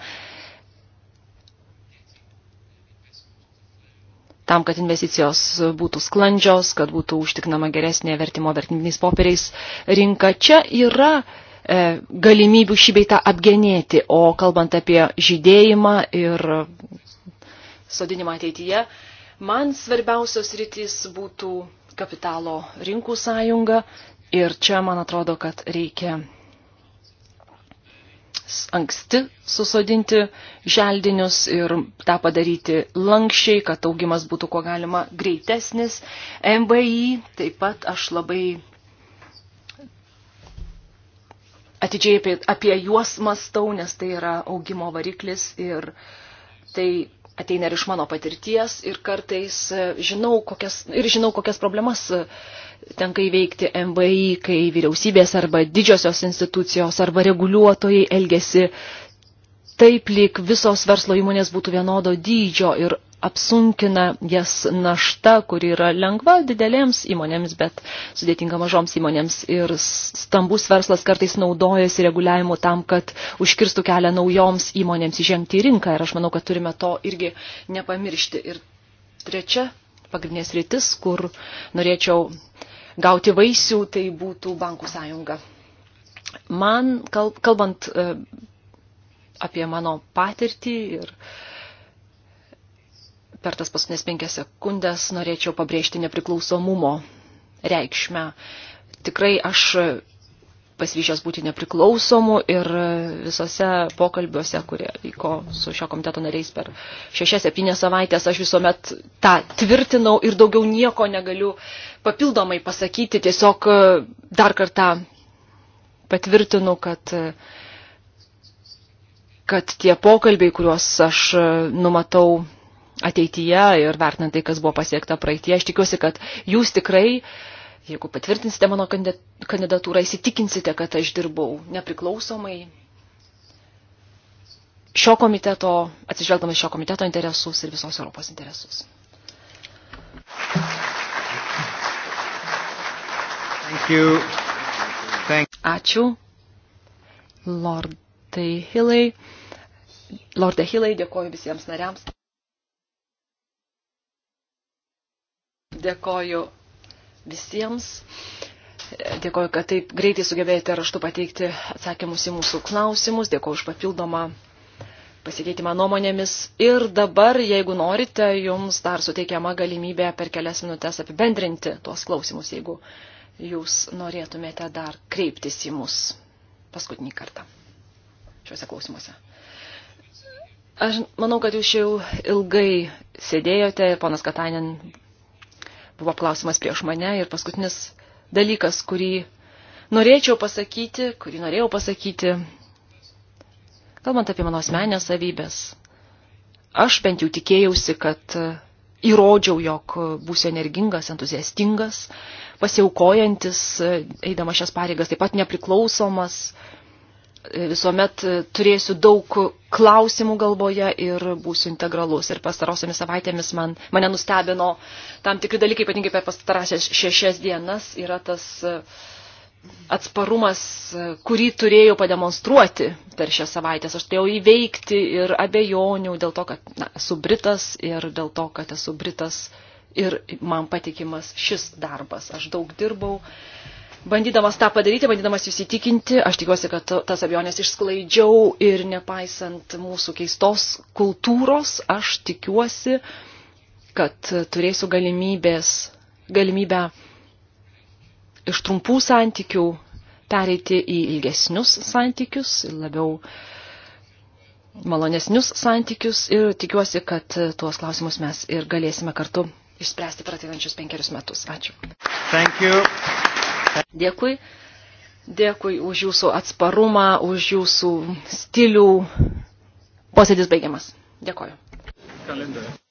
tam, kad investicijos būtų sklandžios, kad būtų užtiknama geresnė vertimo vertiminiais popieriais rinka. Čia yra e, galimybių šį beitą apgenėti, o kalbant apie žydėjimą ir sodinimą ateityje, man svarbiausios rytis būtų kapitalo rinkų sąjunga ir čia man atrodo, kad reikia anksti susodinti želdinius ir tą padaryti lankščiai, kad augimas būtų kuo galima greitesnis. MBI taip pat aš labai atidžiai apie, apie juos mastau, nes tai yra augimo variklis ir tai ateina ir iš mano patirties ir kartais e, žinau kokias, ir žinau, kokias problemas e, tenka įveikti MVI, kai vyriausybės arba didžiosios institucijos arba reguliuotojai elgesi taip, lyg visos verslo įmonės būtų vienodo dydžio ir apsunkina jas našta, kuri yra lengva didelėms įmonėms, bet sudėtinga mažoms įmonėms. Ir stambus verslas kartais naudojasi reguliavimu tam, kad užkirstų kelią naujoms įmonėms įžengti į rinką. Ir aš manau, kad turime to irgi nepamiršti. Ir trečia pagrindinės rytis, kur norėčiau gauti vaisių, tai būtų bankų sąjunga. Man, kalbant e, apie mano patirtį ir uh, per tas paskutinės penkias sekundės norėčiau pabrėžti nepriklausomumo reikšmę. Tikrai aš pasiryžęs būti nepriklausomu ir visose pokalbiuose, kurie vyko su šio komiteto nariais per šešias, septynės savaitės, aš visuomet tą tvirtinau ir daugiau nieko negaliu papildomai pasakyti. Tiesiog dar kartą patvirtinu, kad kad tie pokalbiai, kuriuos aš numatau ateityje ir vertinant tai, kas buvo pasiekta praeitie. Aš tikiuosi, kad jūs tikrai, jeigu patvirtinsite mano kandidatūrą, įsitikinsite, kad aš dirbau nepriklausomai šio komiteto, atsižvelgdamas šio komiteto interesus ir visos Europos interesus. Thank you. Thank you. Ačiū. Lordai Hilai. Lordai Hilai, dėkoju visiems nariams. Dėkoju visiems. Dėkoju, kad taip greitai sugebėjote raštu pateikti atsakymus į mūsų klausimus. Dėkoju už papildomą pasikeitimą nuomonėmis. Ir dabar, jeigu norite, jums dar suteikiama galimybė per kelias minutės apibendrinti tuos klausimus, jeigu jūs norėtumėte dar kreiptis į mus paskutinį kartą šiuose klausimuose. Aš manau, kad jūs jau ilgai sėdėjote ir ponas Katainen buvo klausimas prieš mane ir paskutinis dalykas, kurį norėčiau pasakyti, kurį norėjau pasakyti, kalbant apie mano asmenės savybės. Aš bent jau tikėjausi, kad įrodžiau, jog būsiu energingas, entuziastingas, pasiaukojantis, eidamas šias pareigas, taip pat nepriklausomas, visuomet turėsiu daug klausimų galvoje ir būsiu integralus. Ir pastarosiamis savaitėmis man, mane nustebino tam tikri dalykai, ypatingai per pastarąsias šešias dienas, yra tas e, atsparumas, e, kurį turėjau pademonstruoti per šią savaitę. Aš turėjau įveikti ir abejonių dėl to, kad na, esu Britas ir dėl to, kad esu Britas ir man patikimas šis darbas. Aš daug dirbau. Uh, Bandydamas tą padaryti, bandydamas jūs įtikinti, aš tikiuosi, kad tas abejonės išsklaidžiau ir nepaisant mūsų keistos kultūros, aš tikiuosi, kad turėsiu galimybės, galimybę iš trumpų santykių pereiti į ilgesnius santykius, labiau malonesnius santykius ir tikiuosi, kad tuos klausimus mes ir galėsime kartu išspręsti prateinančius penkerius metus. Ačiū. Thank you. Dėkui. Dėkui už jūsų atsparumą, už jūsų stilių. Posėdis baigiamas. Dėkoju. Kalendorius.